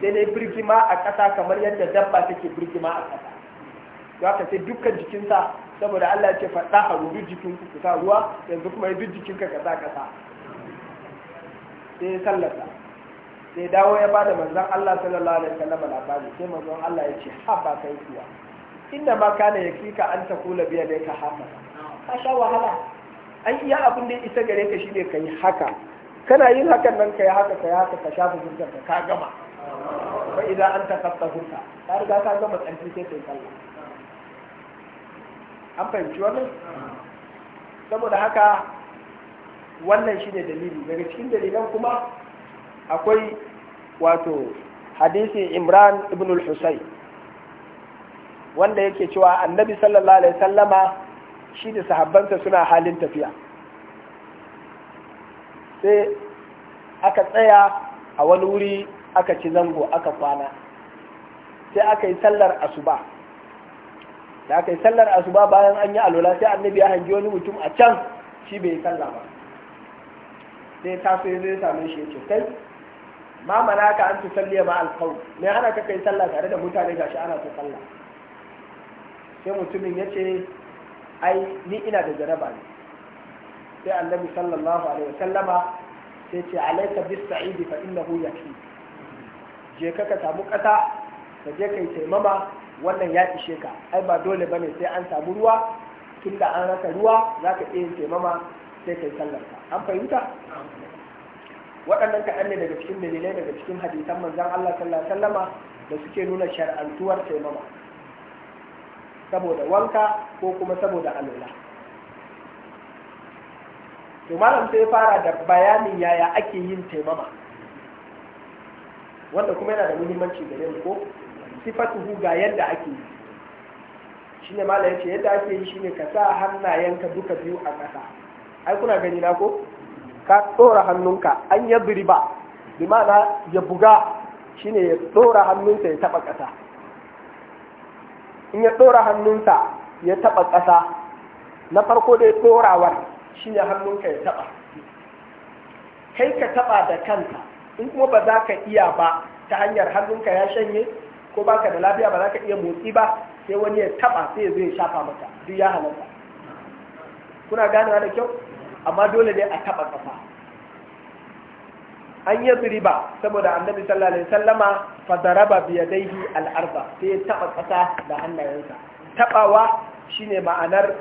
sai dai birgima a ƙasa kamar yadda dabba take birgima a ƙasa za ka sai dukkan jikinsa saboda Allah yace ce faɗa a rudu jikin ku sa ruwa yanzu kuma duk jikinka ka kasa kasa sai ya sallata sai dawo ya bada manzon Allah sallallahu alaihi wasallam labari sai manzon Allah ya ce ha ba kai kuwa inda ma kana yakika an ta kula biya da ka haka ka sha wahala an iya abin da isa gare ka shine kai haka kana yin hakan nan kai haka kai haka ka shafa zurgar ka gama fa idan an taqatta hulka ka riga ka gama tsanci sai kai kalla an fahimci wannan saboda haka wannan shine dalili daga cikin dalilan kuma akwai wato hadisi Imran ibn al-Husayn wanda yake cewa annabi sallallahu alaihi wasallama shi da sahabbansa suna halin tafiya sai aka tsaya a wani wuri aka ci zango aka kwana sai aka yi sallar asuba da aka yi sallar asuba bayan an yi alola sai annabi ya hangi wani mutum a can shi bai salla ba sai ta so ya zai same shi ya ce kai ma mana ka an tu salliya ma alkawu me ana ka kai sallah tare da mutane gashi ana ta sallah sai mutumin ya ce ai ni ina da jaraba ne sai annabi sallallahu alaihi wasallama sai ce alaika bis sa'idi fa innahu yakfi je ka ka samu kasa ka je kai taimama wannan ya ishe ka ai ba dole bane sai an samu ruwa tunda an raka ruwa zaka iya yin taimama sai kai sallar an fahimta waɗannan kaɗan ne daga cikin dalilai daga cikin hadisan manzon Allah sallallahu alaihi wasallama da suke nuna shar'antuwar taimama saboda wanka ko kuma saboda alula to malam sai ya fara da bayanin yaya ake yin taimama wanda kuma yana da muhimmanci da mu ko hu ga yadda ake yi ne malam ce yadda ake yi ne ka sa hannayenka duka biyu a ƙasa ai kuna gani na ko ka tsora hannunka an ya ba bi na ya buga shi ne ya tsora hannunsa ya taba ƙasa in ya tsora hannunsa ya taba ƙasa na farko dai tsorawar Shi ne hannunka ya taba kai ka taɓa da kanka in kuma ba za ka iya ba ta hanyar hannunka ya shanye ko baka da lafiya ba za ka iya motsi ba sai wani ya taba sai ya shafa mata duk ya halatta kuna ganewa da kyau amma dole ne a taba kafa an yi riba saboda annabi sallallahu alaihi sallama fadaraba biyadaihi al'arba sai ya taba kasa da hannayensa tabawa shine ma'anar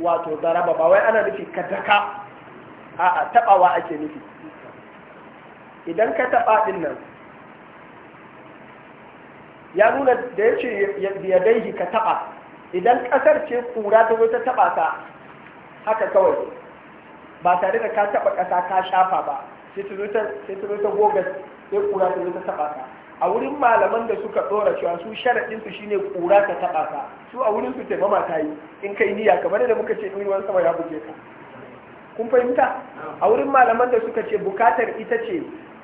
wato zaraba ba wai ana nufi ka daka a tabawa ake nufi idan ka taba din nan ya nuna da ya ce ya daihi ka taba idan kasar ce kura ta zai ta taba ta haka kawai ba tare da ka taba kasa ka shafa ba sai ta zo ta goga sai kura ta zo ta taba ta a wurin malaman da suka tsora cewa su sharaɗin su shine ƙura ta taɓa ka su a wurin su taimama ta yi in kai niyya kamar da muka ce in wani sama ya buge ka kun fahimta a wurin malaman da suka ce bukatar ita ce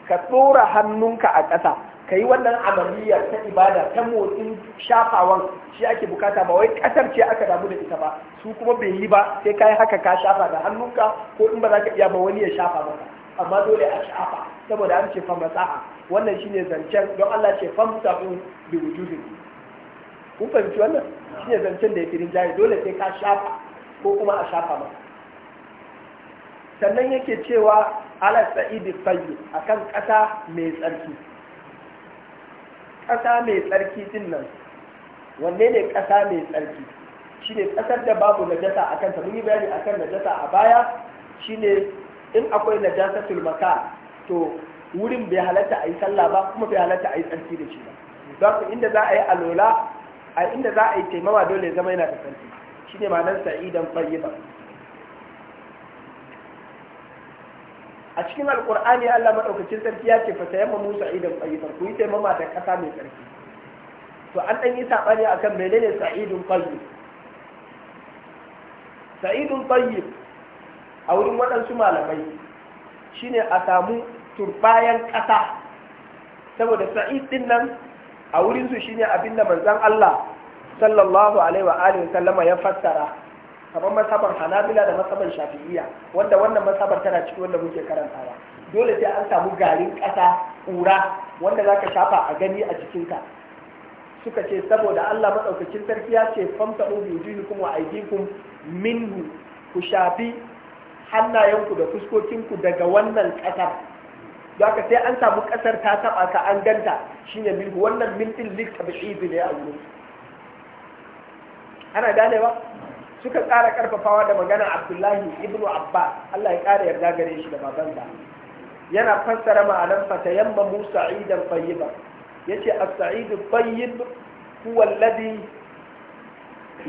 ka tsora hannunka a ƙasa ka yi wannan amaliyar ta ibada ta motsin shafawan shi ake bukata ba wai ƙasar ce aka damu da ita ba su kuma bai yi ba sai ka yi haka ka shafa da hannunka ko in ba za ka iya ba wani ya shafa maka amma dole a shafa saboda an ce fa masaha wannan shine zancen don Allah ce famsahu bi wujuhi kun fahimci wannan shine zancen da ya firin jari dole sai ka shafa ko kuma a shafa ma. sannan yake cewa ala sa'idi fayyi akan ƙasa mai tsarki ƙasa mai tsarki din nan wanne ne ƙasa mai tsarki shine ƙasar da babu najasa a kanta mun yi bayani akan najasa a baya shine in akwai najasatul maka to wurin bai halatta a yi sallah ba kuma bai halatta a yi tsarki da shi ba don inda za a yi alola a inda za a yi taimawa dole zama yana da tsarki shi ne ma'anar sa'idan ba. a cikin alkur'ani allah maɗaukacin sarki ya ce fata yamma musa idan ba ku yi taimama da ƙasa mai tsarki to an ɗan yi saɓani a kan menene sa'idun fayyib sa'idun fayyib a wurin waɗansu malamai shine a samu turbayan ƙasa saboda sa'id din nan a wurin su shine abin da manzon Allah sallallahu alaihi wa sallama ya fassara kamar masabar hanabila da masabar shafi'iya wanda wannan masabar tana ciki wanda muke karantawa dole sai an samu garin ƙasa ƙura wanda za ka shafa a gani a jikinka suka ce saboda Allah matsaukacin sarki ya ce famta ɗin kuma wa minhu ku shafi hannayenku da fuskokinku daga wannan ƙasar da sai an samu kasar ta taba ka an ganta shine milhu wannan mintin lik tabshidi ne a wurin ana gane ba suka ƙara karfafawa da magana abdullahi ibnu Abba. allah ya ƙara yarda gare shi da babanta. yana fassara ma'anar fatayamma musa idan fayyiba ya ce a sa'idu fayyib huwa alladhi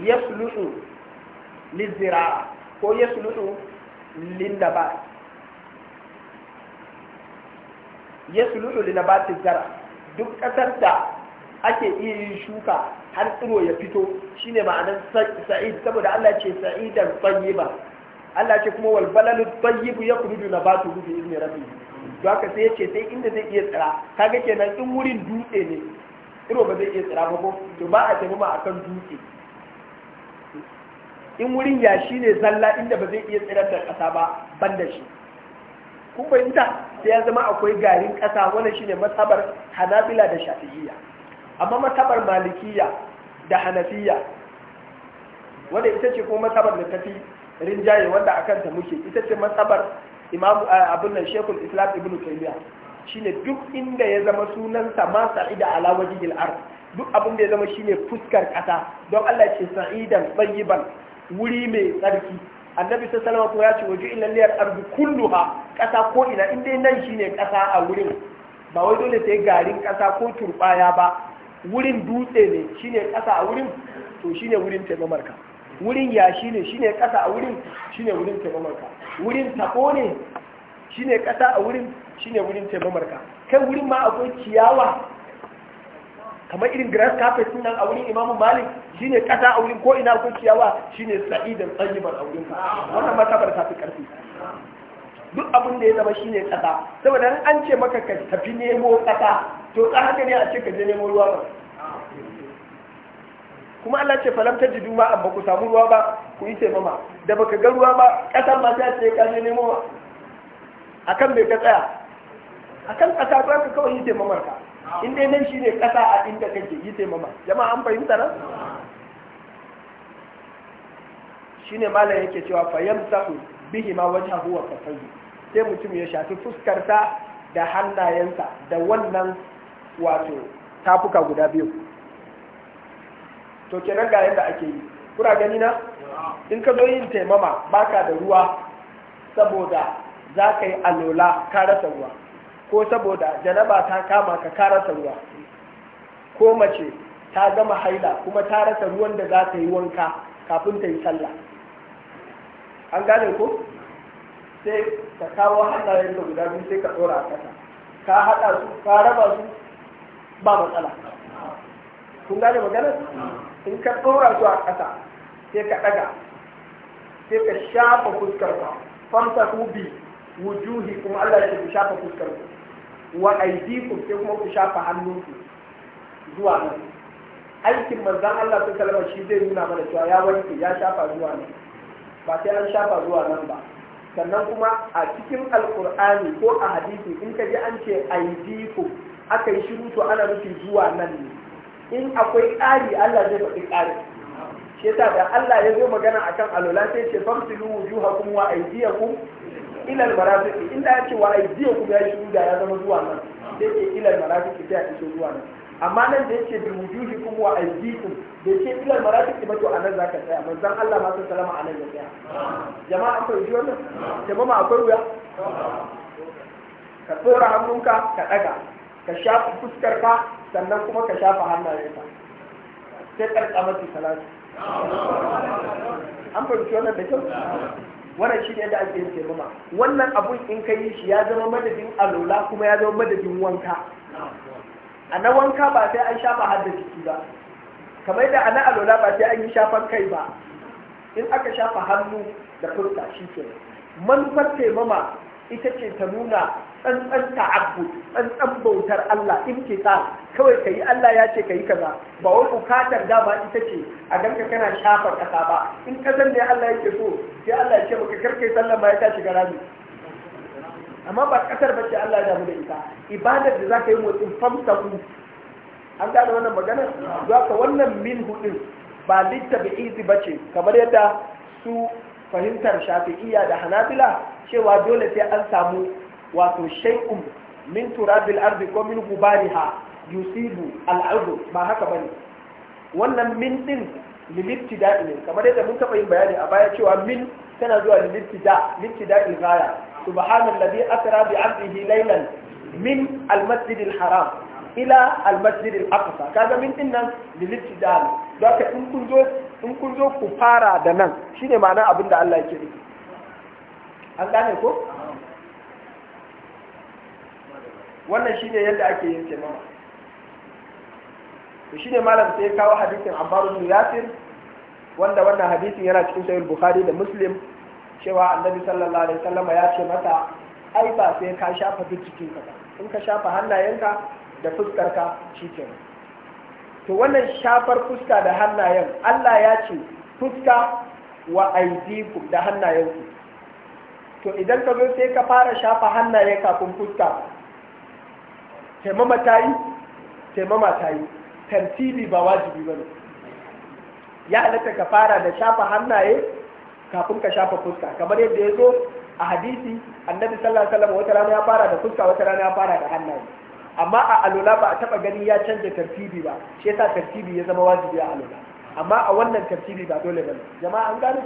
yasluhu lizira'a ko yasluhu linnabat ya sululu li nabatin zara duk ƙasar da ake iya yin shuka har tsiro ya fito shine ma'anar sa'id saboda Allah ce sa'idan tayyiba Allah ce kuma wal balalu tayyibu yakhruju nabatu bi izni rabbih to haka sai yace sai inda zai iya tsira kaga kenan in wurin dutse ne tsiro ba zai iya tsira ba ko to ba a tafi ma akan dutse in wurin yashi ne zalla inda ba zai iya tsira da ƙasa ba ban da shi kun fahimta sai ya zama akwai garin ƙasa wani shine matsabar hanabila da shafi'iyya amma matsabar malikiya da hanafiya wanda ita ce kuma matsabar da tafi rinjaye wanda akanta kanta muke ita ce matsabar imamu abun nan shekul islam ibnu taymiya shine duk inda ya zama sunansa ma sa'ida ala wajhil ard duk abin da ya zama shine fuskar ƙasa don Allah ce sa'idan tsayiban wuri mai tsarki annabi ta salama ko ya ce waje ina liyar ardu kulluha kasa ko ina inda nan shine kasa a wurin ba wai dole sai garin kasa ko turbaya ba wurin dutse ne shine kasa a wurin to shine wurin taimamarka wurin yashi ne shine kasa a wurin shine wurin taimamarka ka wurin tako ne shine kasa a wurin shine wurin taimamarka kai wurin ma akwai ciyawa kamar irin grass carpet din nan a wurin Imam Malik shine kasa a wurin ko ina ko ciyawa shine sa'idan tayyiban a wurin wannan ma ta fi karfi duk abin da ya zama shine kasa saboda an ce maka ka tafi nemo kasa to ka haka ne a ce ka je nemo ruwa ba kuma Allah ce falam ta jidu ma amma ku samu ruwa ba ku yi taimama da baka ga ruwa ba kasan ma ta ce ka je nemo akan bai ka tsaya akan kasa ba ka kawai yi taimamar ka in dai nan ne kasa a inda kake yi taimama jama'a an fahimta nan ne malam yake cewa fa yamsahu bihi ma wajen wa kaffayhi sai mutum ya shafi fuskarta da hannayensa da wannan wato tafuka guda biyu to kenan ga yadda ake yi kura gani na in ka zo yin taimama baka da ruwa saboda za ka yi alola ka rasa ruwa ko saboda janaba ta kama ka karasa rasa ruwa ko mace ta gama haila kuma ta rasa ruwan da za ta yi wanka kafin ta yi sallah an gane ko sai ka kawo hannayen da guda biyu sai ka ɗora a ƙasa ka haɗa su ka raba su ba matsala kun gane magana in ka ɗora su a ƙasa sai ka ɗaga sai ka shafa fuskar ka famsa ku bi wujuhi kuma Allah ya shafa fuskar ku wa aydikum sai kuma ku shafa hannunku zuwa nan aikin manzon Allah ta kalma shi zai nuna mana cewa ya wanke ya shafa zuwa nan ba sai an shafa zuwa nan ba sannan kuma a cikin alkur'ani ko a hadisi in ka ji an ce aydikum aka yi shiru to ana nufi zuwa nan ne in akwai ƙari Allah zai faɗi ƙari shi yasa da Allah ya zo magana akan alola sai ce famtilu wujuhakum wa aydiyakum ilal marafiki inda ya ce wa aidiya kuma ya shiru da ya zama zuwa nan da yake ilal marafiki ta ya iso zuwa nan amma nan da yake bin wujuhi kuma wa aydikum da yake ilal marafiki ba to za zaka tsaya manzan Allah ma sun salama anan ya tsaya jama'a akwai ji wannan jama'a akwai wuya ka tsora hannunka ka daga ka shafa fuskarka sannan kuma ka shafa hannayenka sai karkamar salatu an fahimci wannan da kyau wannan shi ne da ake yin taimama wannan abun in ka yi shi ya zama madadin alola kuma ya zama madadin wanka a na wanka ba sai an shafa har jiki ba kamar da a na alola ba sai an yi shafan kai ba in aka shafa hannu da furta shi ke manufar taimama ita ce ta nuna tsantsan abu, tsantsan bautar Allah in ke ta kawai kayi Allah ya ce kayi kaza ba wai bukatar dama ita ce a ganka kana shafar kasa ba in kasan ne Allah yake so sai Allah ya ce maka karkai sallan ba ya tashi gara rami amma ba kasar ba ce Allah ya damu da ita ibadar da zaka yi motsin famsahu an gane wannan magana za ka wannan min hudin ba izi ba ce kamar yadda su fahimtar shafi'iyya da hanabila cewa dole sai an samu wato shay'un min turabil ardi ko min gubariha yusibu al'adu ba haka bane wannan min din lilibtida'i ne kamar yadda mun taɓa yin bayani a baya cewa min tana zuwa lilibtida lilibtida'i ghaya subhanallazi asra bi 'abdihi laylan min al-masjidil haram ila al-masjidil aqsa kaga min din nan lilibtida'i don ka in kun zo in kun zo ku fara da nan shine ma'ana abin da Allah yake riki an gane ko wannan shine yadda ake yin taimama to shine malam sai ya kawo hadisin Ammar bin Yasir wanda wannan hadisin yana cikin sayar Bukhari da Muslim cewa Annabi sallallahu alaihi wasallam ya ce mata ai ba sai ka shafa duk cikin ka in ka shafa hannayenka da fuskarka shi kenan to wannan shafar fuska da hannayen Allah ya ce fuska wa aidiku da hannayenku to idan ka zo sai ka fara shafa hannaye kafin fuska taimama ta yi taimama ta yi tartibi ba wajibi ba ne ya halatta ka fara da shafa hannaye kafin ka shafa fuska kamar yadda ya zo a hadisi annabi sallallahu alaihi wasallam wata rana ya fara da fuska wata rana ya fara da hannaye amma a alula ba a taba gani ya canza tartibi ba shi yasa tartibi ya zama wajibi a alula amma a wannan tartibi ba dole bane jama'a an gane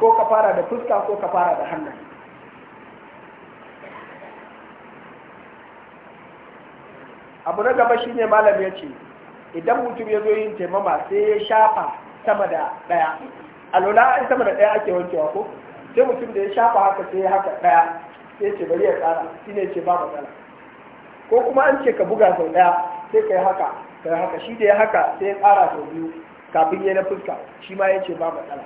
ko ka fara da fuska ko ka fara da hannu abu na gaba shine malam ya ce idan mutum ya zo yin taimama sai ya shafa sama da daya alula ai sama da daya ake wankewa ko sai mutum da ya shafa haka sai haka daya sai ce bari ya tsara shine ce ba matsala ko kuma an ce ka buga sau ɗaya sai ka yi haka ka yi haka shi da ya haka sai ya tsara sau biyu kafin ya na fuska shi ma ya ce ba matsala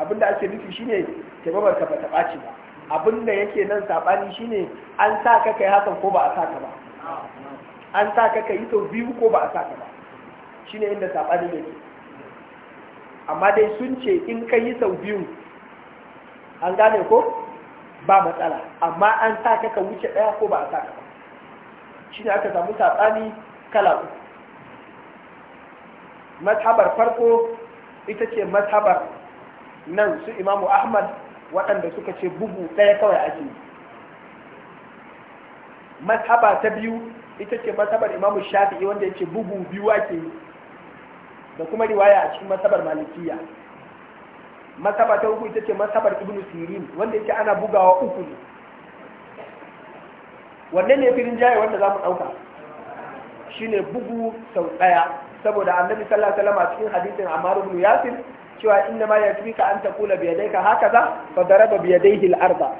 abin da ake nufi shine taimamar ka bata ɓaci ba abin da yake nan saɓani shine an sa ka kai hakan ko ba a sa ka ba an sa ka kai sau biyu ko ba a sa ka ba shine inda saɓani yake amma dai sun ce in ka yi sau biyu an gane ko ba matsala amma an sa ka ka wuce ɗaya ko ba a sa ka ba shine aka samu saɓani kala uku farko ita ce mazhabar nan su imamu ahmad waɗanda suka ce bugu ɗaya kawai ake yi ta biyu ita ce mazhabar imamu shafi'i wanda ya ce bugu biyu ake yi da kuma riwaya a cikin mazhabar malikiya mazhaba ta uku ita ce mazhabar ibnu sirin wanda yake ana bugawa uku ne wanne ne firin jaye wanda za mu ɗauka shine bugu sau ɗaya saboda annabi sallallahu alaihi wasallam a cikin hadisin Ammar ibn Yasir cewa inna ma yatwika an taqula bi yadayka hakaza fa daraba bi yadayhi al-arda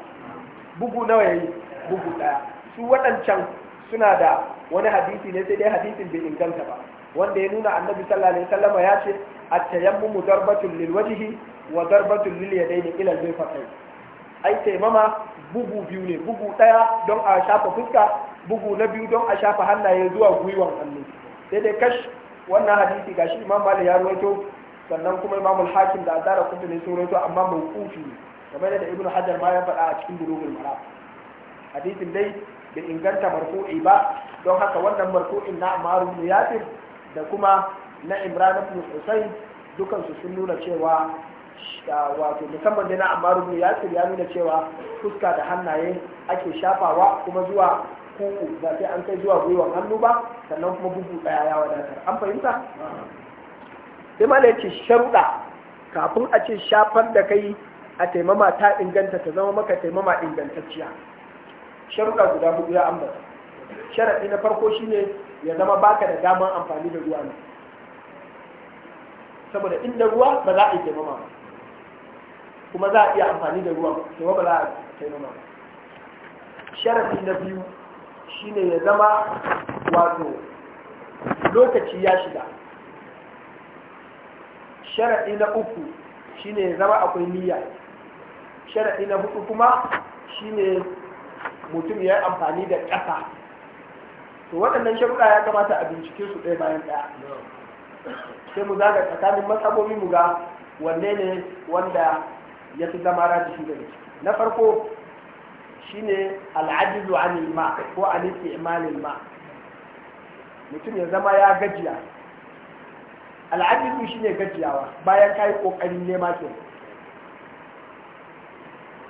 bugu nawa yayi bugu ɗaya su waɗancan suna da wani hadisi ne sai dai hadisin bai inganta ba wanda ya nuna annabi sallallahu alaihi wasallam ya ce at-tayammumu darbatun lil wajhi wa darbatun lil yadayni ila al-mirfaqayn ai taimama bugu biyu ne bugu ɗaya don a shafa fuska bugu na biyu don a shafa hannaye zuwa gwiwan hannu sai dai kash wannan hadisi gashi imam malik ya rawaito sannan kuma imam hakim da azara kuma ne sun rawaito amma mai kufi ne kamar da ibnu hajar ma ya faɗa a cikin bulugul maram hadisin dai da inganta marfu'i ba don haka wannan marfu'in na amaru ibn yasir da kuma na imran ibn husayn dukansu sun nuna cewa wato musamman dai na amma ne ya ya nuna cewa fuska da hannaye ake shafawa kuma zuwa kuku ba sai an kai zuwa gwiwan hannu ba sannan kuma bugu daya ya wadatar an fahimta sai ma ce sharuɗa kafin a ce shafar da kai a taimama ta inganta ta zama maka taimama ingantacciya sharuɗa guda hudu ya ambata sharaɗi na farko shine ya zama baka da daman amfani da ruwa ne saboda inda ruwa ba za a yi taimama ba kuma za a iya amfani da ruwan kuma ba za a kai noma sharafi na biyu shine ya zama wato lokaci ya shiga sharafi na uku shine ya zama akwai niyya sharafi na hudu kuma shine mutum ya yi amfani da ƙasa to waɗannan sharuɗa ya kamata a bincike su ɗaya bayan ɗaya sai mu zaga tsakanin matsabomi mu ga wanne ne wanda ya fi zama shi da na farko shi ne al'adilu anil ma ko aliki imanin ma mutum ya zama ya gajiya shi ne gajiyawa bayan ka yi ƙoƙarin nema ke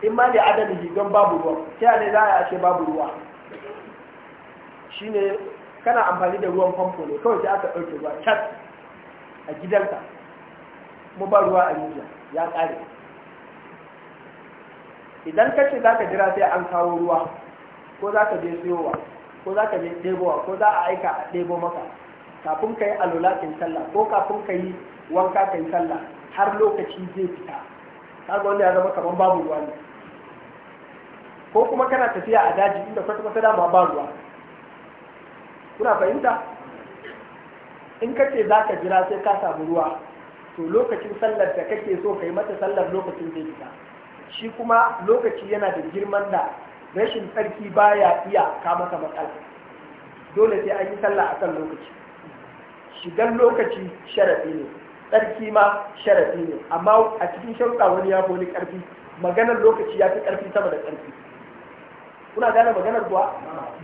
in ma da adalihi babu ruwa ta ne za a ce babu ruwa shi ne kana amfani da ruwan famfo ne kawai sai aka ɗauke ruwa cat a gidanka kuma ba ruwa a rijiya ya ƙare idan ka ce za ka jira sai an kawo ruwa ko za ka je siyowa ko za ka je ɗebowa ko za a aika a ɗebo maka kafin ka yi alula ka sallah ko kafin ka yi wanka ka yi sallah har lokaci zai fita ga wanda ya zama kamar babu ruwa ne ko kuma kana tafiya a daji inda kwata kwata dama ba ruwa kuna fahimta in ka ce za ka jira sai ka samu ruwa to lokacin sallar da kake so ka yi mata sallar lokacin zai fita shi kuma lokaci yana da girman da rashin tsarki baya iya kama ka matsala dole sai an yi sallah akan lokaci shigan lokaci sharafi ne tsarki ma sharafi ne amma a cikin sharuɗa wani ya wani ƙarfi maganar lokaci ya fi ƙarfi sama da ƙarfi kuna gane maganar kuwa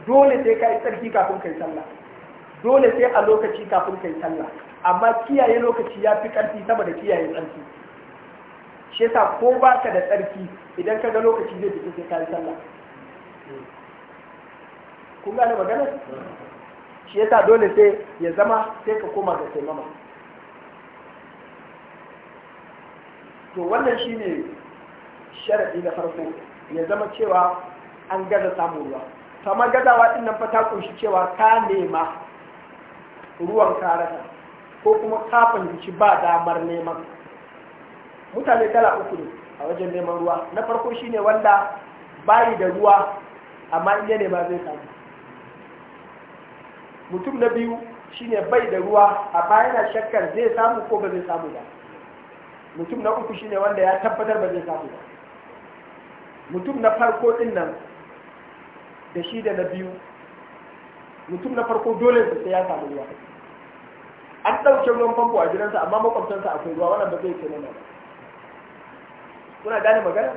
dole sai ka yi tsarki kafin kai sallah dole sai a lokaci kafin kai sallah amma kiyaye lokaci ya fi ƙarfi sama da kiyaye tsarki shi yasa ko baka da tsarki idan ka ga lokaci zai fito sai ka yi sallah kun gane magana shi yasa dole sai ya zama sai ka koma ga taimama to wannan shine sharadi na farko ya zama cewa an gaza samun ruwa kama gazawa din nan fa ta kunshi cewa ka nema ruwan ka ko kuma ka fahimci ba damar neman mutane kala uku ne a wajen neman ruwa na farko shi ne wanda bayi da ruwa amma in ne ba zai samu mutum na biyu shi ne bai da ruwa amma yana shakkar zai samu ko ba zai samu ba mutum na uku shi ne wanda ya tabbatar ba zai samu ba mutum na farko din nan da shi da na biyu mutum na farko dole su sai ya samu ruwa an ɗauke ruwan famfo a gidansa amma makwabtansa akwai ruwa wannan ba zai kai nan ba kuna gane magana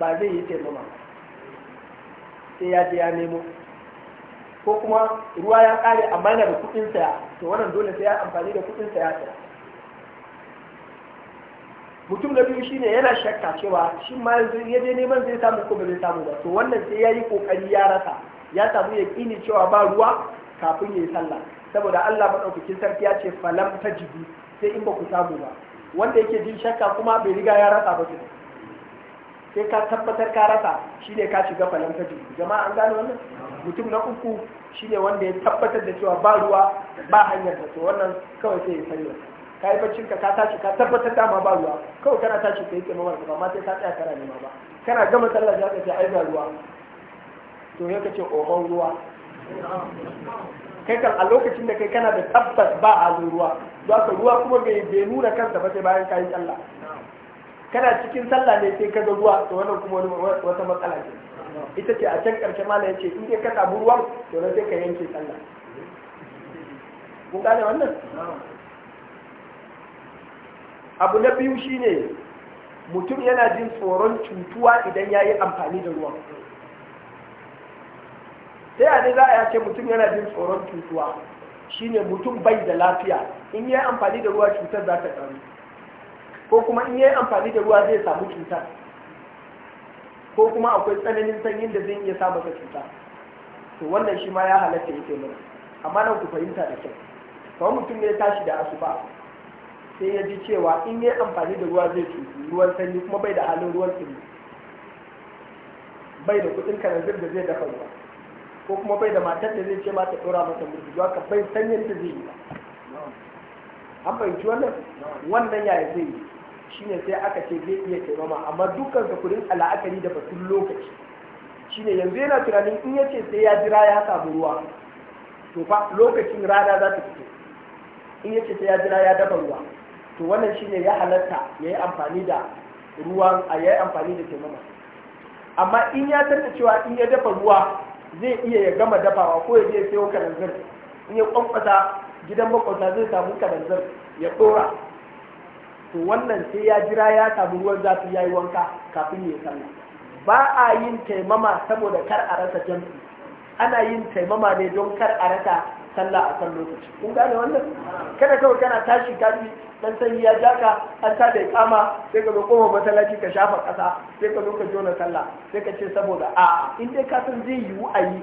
ba zai yi taimama sai ya je ya nemo ko kuma ruwa ya kare amma yana da kuɗin saya to wannan dole sai ya amfani da kuɗin saya saya mutum na biyu shine yana shakka cewa shi ma yanzu ya je neman zai samu ko bai samu ba to wannan sai ya yi kokari ya rasa ya samu ya kini cewa ba ruwa kafin ya yi sallah saboda Allah madaukakin sarki ya ce falam ta jibi, sai in ba ku samu ba wanda yake jin shakka kuma bai riga ya rasa ba ce sai ka tabbatar ka rasa shi ne ka shiga falon falanta jama'a an gane wannan mutum na uku shi ne wanda ya tabbatar da cewa ba ruwa ba hanyar da to wannan kawai sai ya sanya ka yi baccin ka tashi ka tabbatar dama ba ruwa kawai kana tashi ka yi kemawar ba ma sai ka tsaya kara nema ba kana gama sallah ya ka ce ai ba ruwa to ya ka ce ohon ruwa kai kan a lokacin da kai kana da tabbas ba a ruwa za ka ruwa kuma bai nuna kansa ba sai bayan ka yi sallah kana cikin sallah ne sai ka ga ruwa to wannan kuma wata matsala ce ita ce a can karshe malam yace in dai ka samu ruwan to sai ka yanke sallah kun gane wannan abu na biyu shine mutum yana jin tsoron cutuwa idan ya yi amfani da ruwan ta yaya za a yace mutum yana jin tsoron cutuwa shine mutum bai da lafiya in yi amfani da ruwa cutar za ta ƙaru ko kuma in yi amfani da ruwa zai samu cutar ko kuma akwai tsananin sanyin da zai iya sa masa cuta to wannan shi ma ya halatta yake mana amma nan ku fahimta da kyau kawai mutum ne ya tashi da asuba sai ya ji cewa in yi amfani da ruwa zai cutu ruwan sanyi kuma bai da halin ruwan sanyi bai da kuɗin kanazir da zai dafa ruwa ko kuma bai da matar da zai ce ma ta dora masa murfi ka bai san yadda zai yi an fahimci wannan wannan yaya zai yi shine sai aka ce zai iya taimama amma dukkan su kudin ala'akari da batun lokaci shine yanzu yana tunanin in ya ce sai ya jira ya samu ruwa to fa lokacin rana za ta fito in ya ce sai ya jira ya dafa ruwa to wannan shine ya halatta ya yi amfani da ruwan a ya yi amfani da taimama amma in ya san cewa in ya dafa ruwa zai iya ya gama dafawa ko ya je sayo kalanzir in ya kwankwasa gidan makwasa zai samu kalanzir ya dora to wannan sai ya jira ya samu ruwan zafi ya yi wanka kafin ya sallah ba a yin taimama saboda kar a rasa jam'i ana yin taimama ne don kar a rasa sallah a kan lokaci kun gane wannan kada kawai kana tashi ka dan sanyi ya ja ka an ta da kama sai ka zo koma masallaci ka shafa kasa sai ka zo ka jona sallah sai ka ce saboda a in dai ka san zai yiwu a yi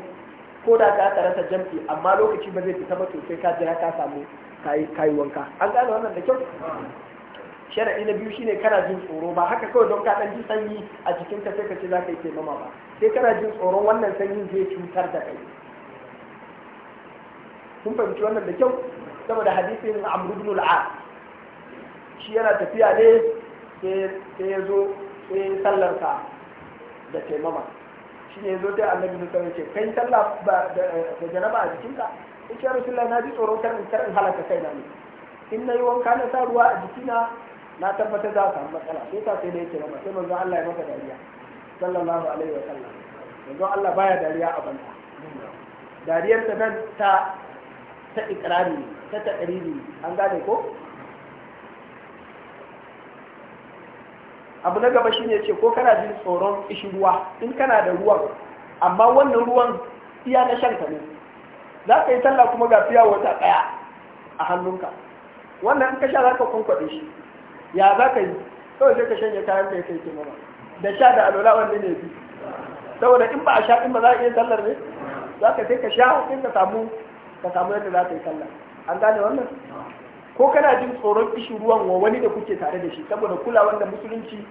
ko da ka rasa jam'i amma lokaci ba zai fita ba to sai ka jira ka samu kai wanka an gane wannan da kyau shari'i na biyu shine kana jin tsoro ba haka kawai don ka dan ji sanyi a jikin ka sai ka ce zaka yi taimama ba sai kana jin tsoro wannan sanyin zai cutar da kai kun fahimci wannan da kyau saboda hadisin Amr ibn al-As shi yana tafiya ne sai ya zo sai sallarsa da taimama shi ne zo ta annabi su sanar ce kai sallah da janaba a jikinka in ce rasulullah na ji tsoron karin karin halaka na ne in na yi wanka na sa ruwa a jikina na tabbatar za a samu matsala sai ta sai da ce mama sai manzo Allah ya maka dariya sallallahu alaihi wa sallam manzo Allah baya dariya a banta dariyar ta nan ta ta ikrari ta takriri an gane ko abu na gaba shine ce ko kana jin tsoron ishi ruwa in kana da ruwan amma wannan ruwan iya na shan ka ne za ka yi talla kuma ga fiya wata daya a hannunka wannan in ka sha za ka kwankwaɗe shi ya za ka yi kawai sai ka shanye kayan ka ya kai ba da sha da alola wanne ne bi saboda in ba a sha in ba za a iya tallar ne za ka sai ka sha sai ka samu ka samu yadda za ka yi talla an gane wannan ko kana jin tsoron kishin ruwan wa wani da kuke tare da shi saboda kulawar da musulunci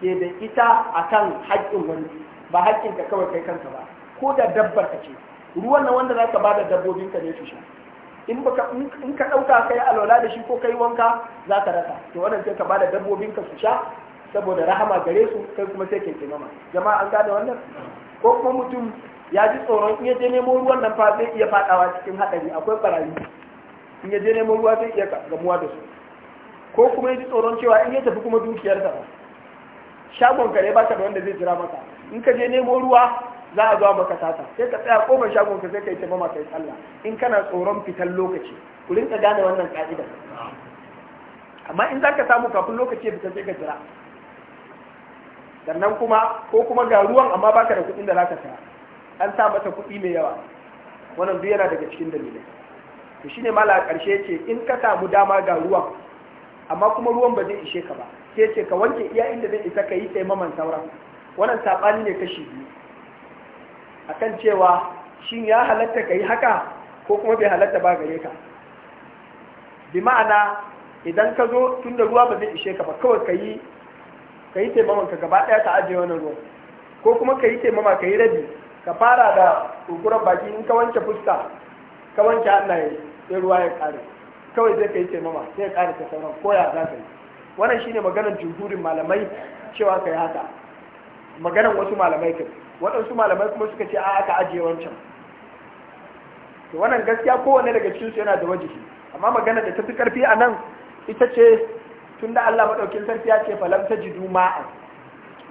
ke da ita akan haƙƙin wani ba haƙƙin ka kawai kai kanka ba ko da dabbar ka ce ruwan na wanda zaka bada dabbobin ka ne su sha in baka in ka dauka kai alola da shi ko kai wanka zaka rasa to wannan sai ka bada dabbobin ka su sha saboda rahama gare su kai kuma sai ke kimama jama'a an gane wannan ko kuma mutum ya ji tsoron iya je nemo ruwan nan fa zai iya fadawa cikin haɗari akwai barayi in ya je neman ruwa zai iya gamuwa da su ko kuma ya tsoron cewa in ya tafi kuma dukiyarsa ba shagon kare baka da wanda zai jira maka in ka je nemo ruwa za a zuwa maka sata sai ka tsaya kofar shagon ka sai ka yi tafi maka yi sallah in kana tsoron fitan lokaci ku rinka gane wannan ka'ida amma in za ka samu kafin lokaci ya fita sai ka jira sannan kuma ko kuma ga ruwan amma baka da kuɗin da za ka saya an sa mata kuɗi mai yawa wannan duk yana daga cikin dalilai to shine mala karshe ce in ka samu dama ga ruwan amma kuma ruwan ba zai ishe ka ba sai ce ka wanke iya inda zai isa ka yi taimaman sauran wannan sabani ne kashi biyu akan cewa shin ya halatta ka yi haka ko kuma bai halatta ba gare ka bi ma'ana idan ka zo tun da ruwa ba zai ishe ka ba kawai ka yi ka yi taimaman ka gaba ɗaya ka ajiye wannan ruwan ko kuma ka yi taimama ka yi rabi ka fara da kurkurar baki in ka wanke fuska ka wanke hannaye sai ruwa ya kare kawai zai ka yi taimama sai ya kare ta sauran koya za ka yi wannan shine maganar jihurin malamai cewa ka yi haka maganar wasu malamai ka waɗansu malamai kuma suka ce a aka ajiye wancan to wannan gaskiya kowane daga cikin yana da wajihi amma maganar da ta fi karfi a nan ita ce tun da Allah maɗaukin sarki ya ce falam tajidu ma'a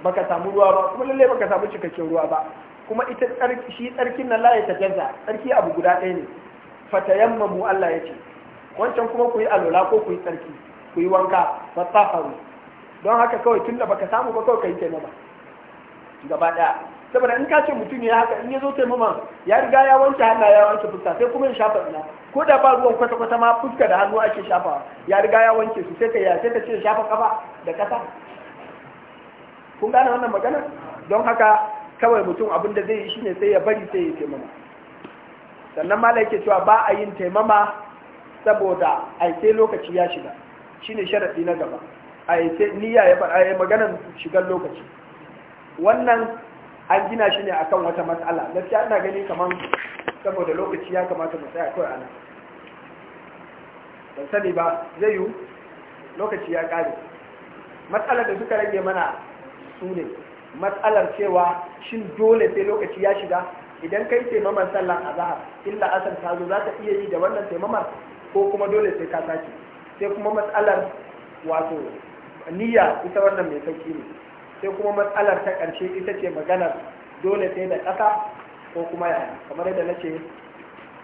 baka samu ruwa ba kuma lalle baka samu cikakken ruwa ba kuma ita shi tsarkin nan la ya tajaza tsarki abu guda ɗaya ne fatayammamu Allah ya ce wancan kuma ku yi alola ko ku yi tsarki ku yi wanka fataharu don haka kawai tun da baka samu ba kawai ka yi taimama gaba daya saboda in ka ce mutum ya haka in ya zo mama ya riga ya wanke hannu ya wanke fuska sai kuma ya shafa ina ko da ba ruwan kwata kwata ma fuska da hannu ake shafawa ya riga ya wanke su sai ka ya sai ka ce shafa kafa da kasa kun gane wannan magana don haka kawai mutum abin da zai yi shine sai ya bari sai ya mama sannan mala yake cewa ba a yin taimama saboda aike lokaci ya shiga ne sharaɗi na gaba aike niyya ya faɗa maganan shigar lokaci wannan an gina shi ne a kan wata matsala gaskiya ina gani kamar saboda lokaci ya kamata mu tsaya kawai ana ban sani ba zai yiwu lokaci ya ƙare matsalar da suka rage mana su ne matsalar cewa shin dole sai lokaci ya shiga idan kai taimamar sallar azhar illa asar ta zo za ka iya yi da wannan taimamar ko kuma dole sai ka sake sai kuma matsalar wato niyya ita wannan mai sauki ne sai kuma matsalar ta ƙarshe ita ce maganar dole sai da ƙasa ko kuma yaya kamar yadda na ce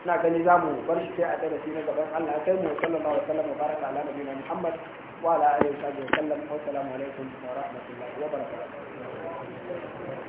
ina gani za mu bar shi sai a darasi na gaban Allah sai mu sallallahu alaihi wasallam baraka ala nabiyina Muhammad wa ala alihi wa sallam wa assalamu alaikum wa rahmatullahi wa barakatuh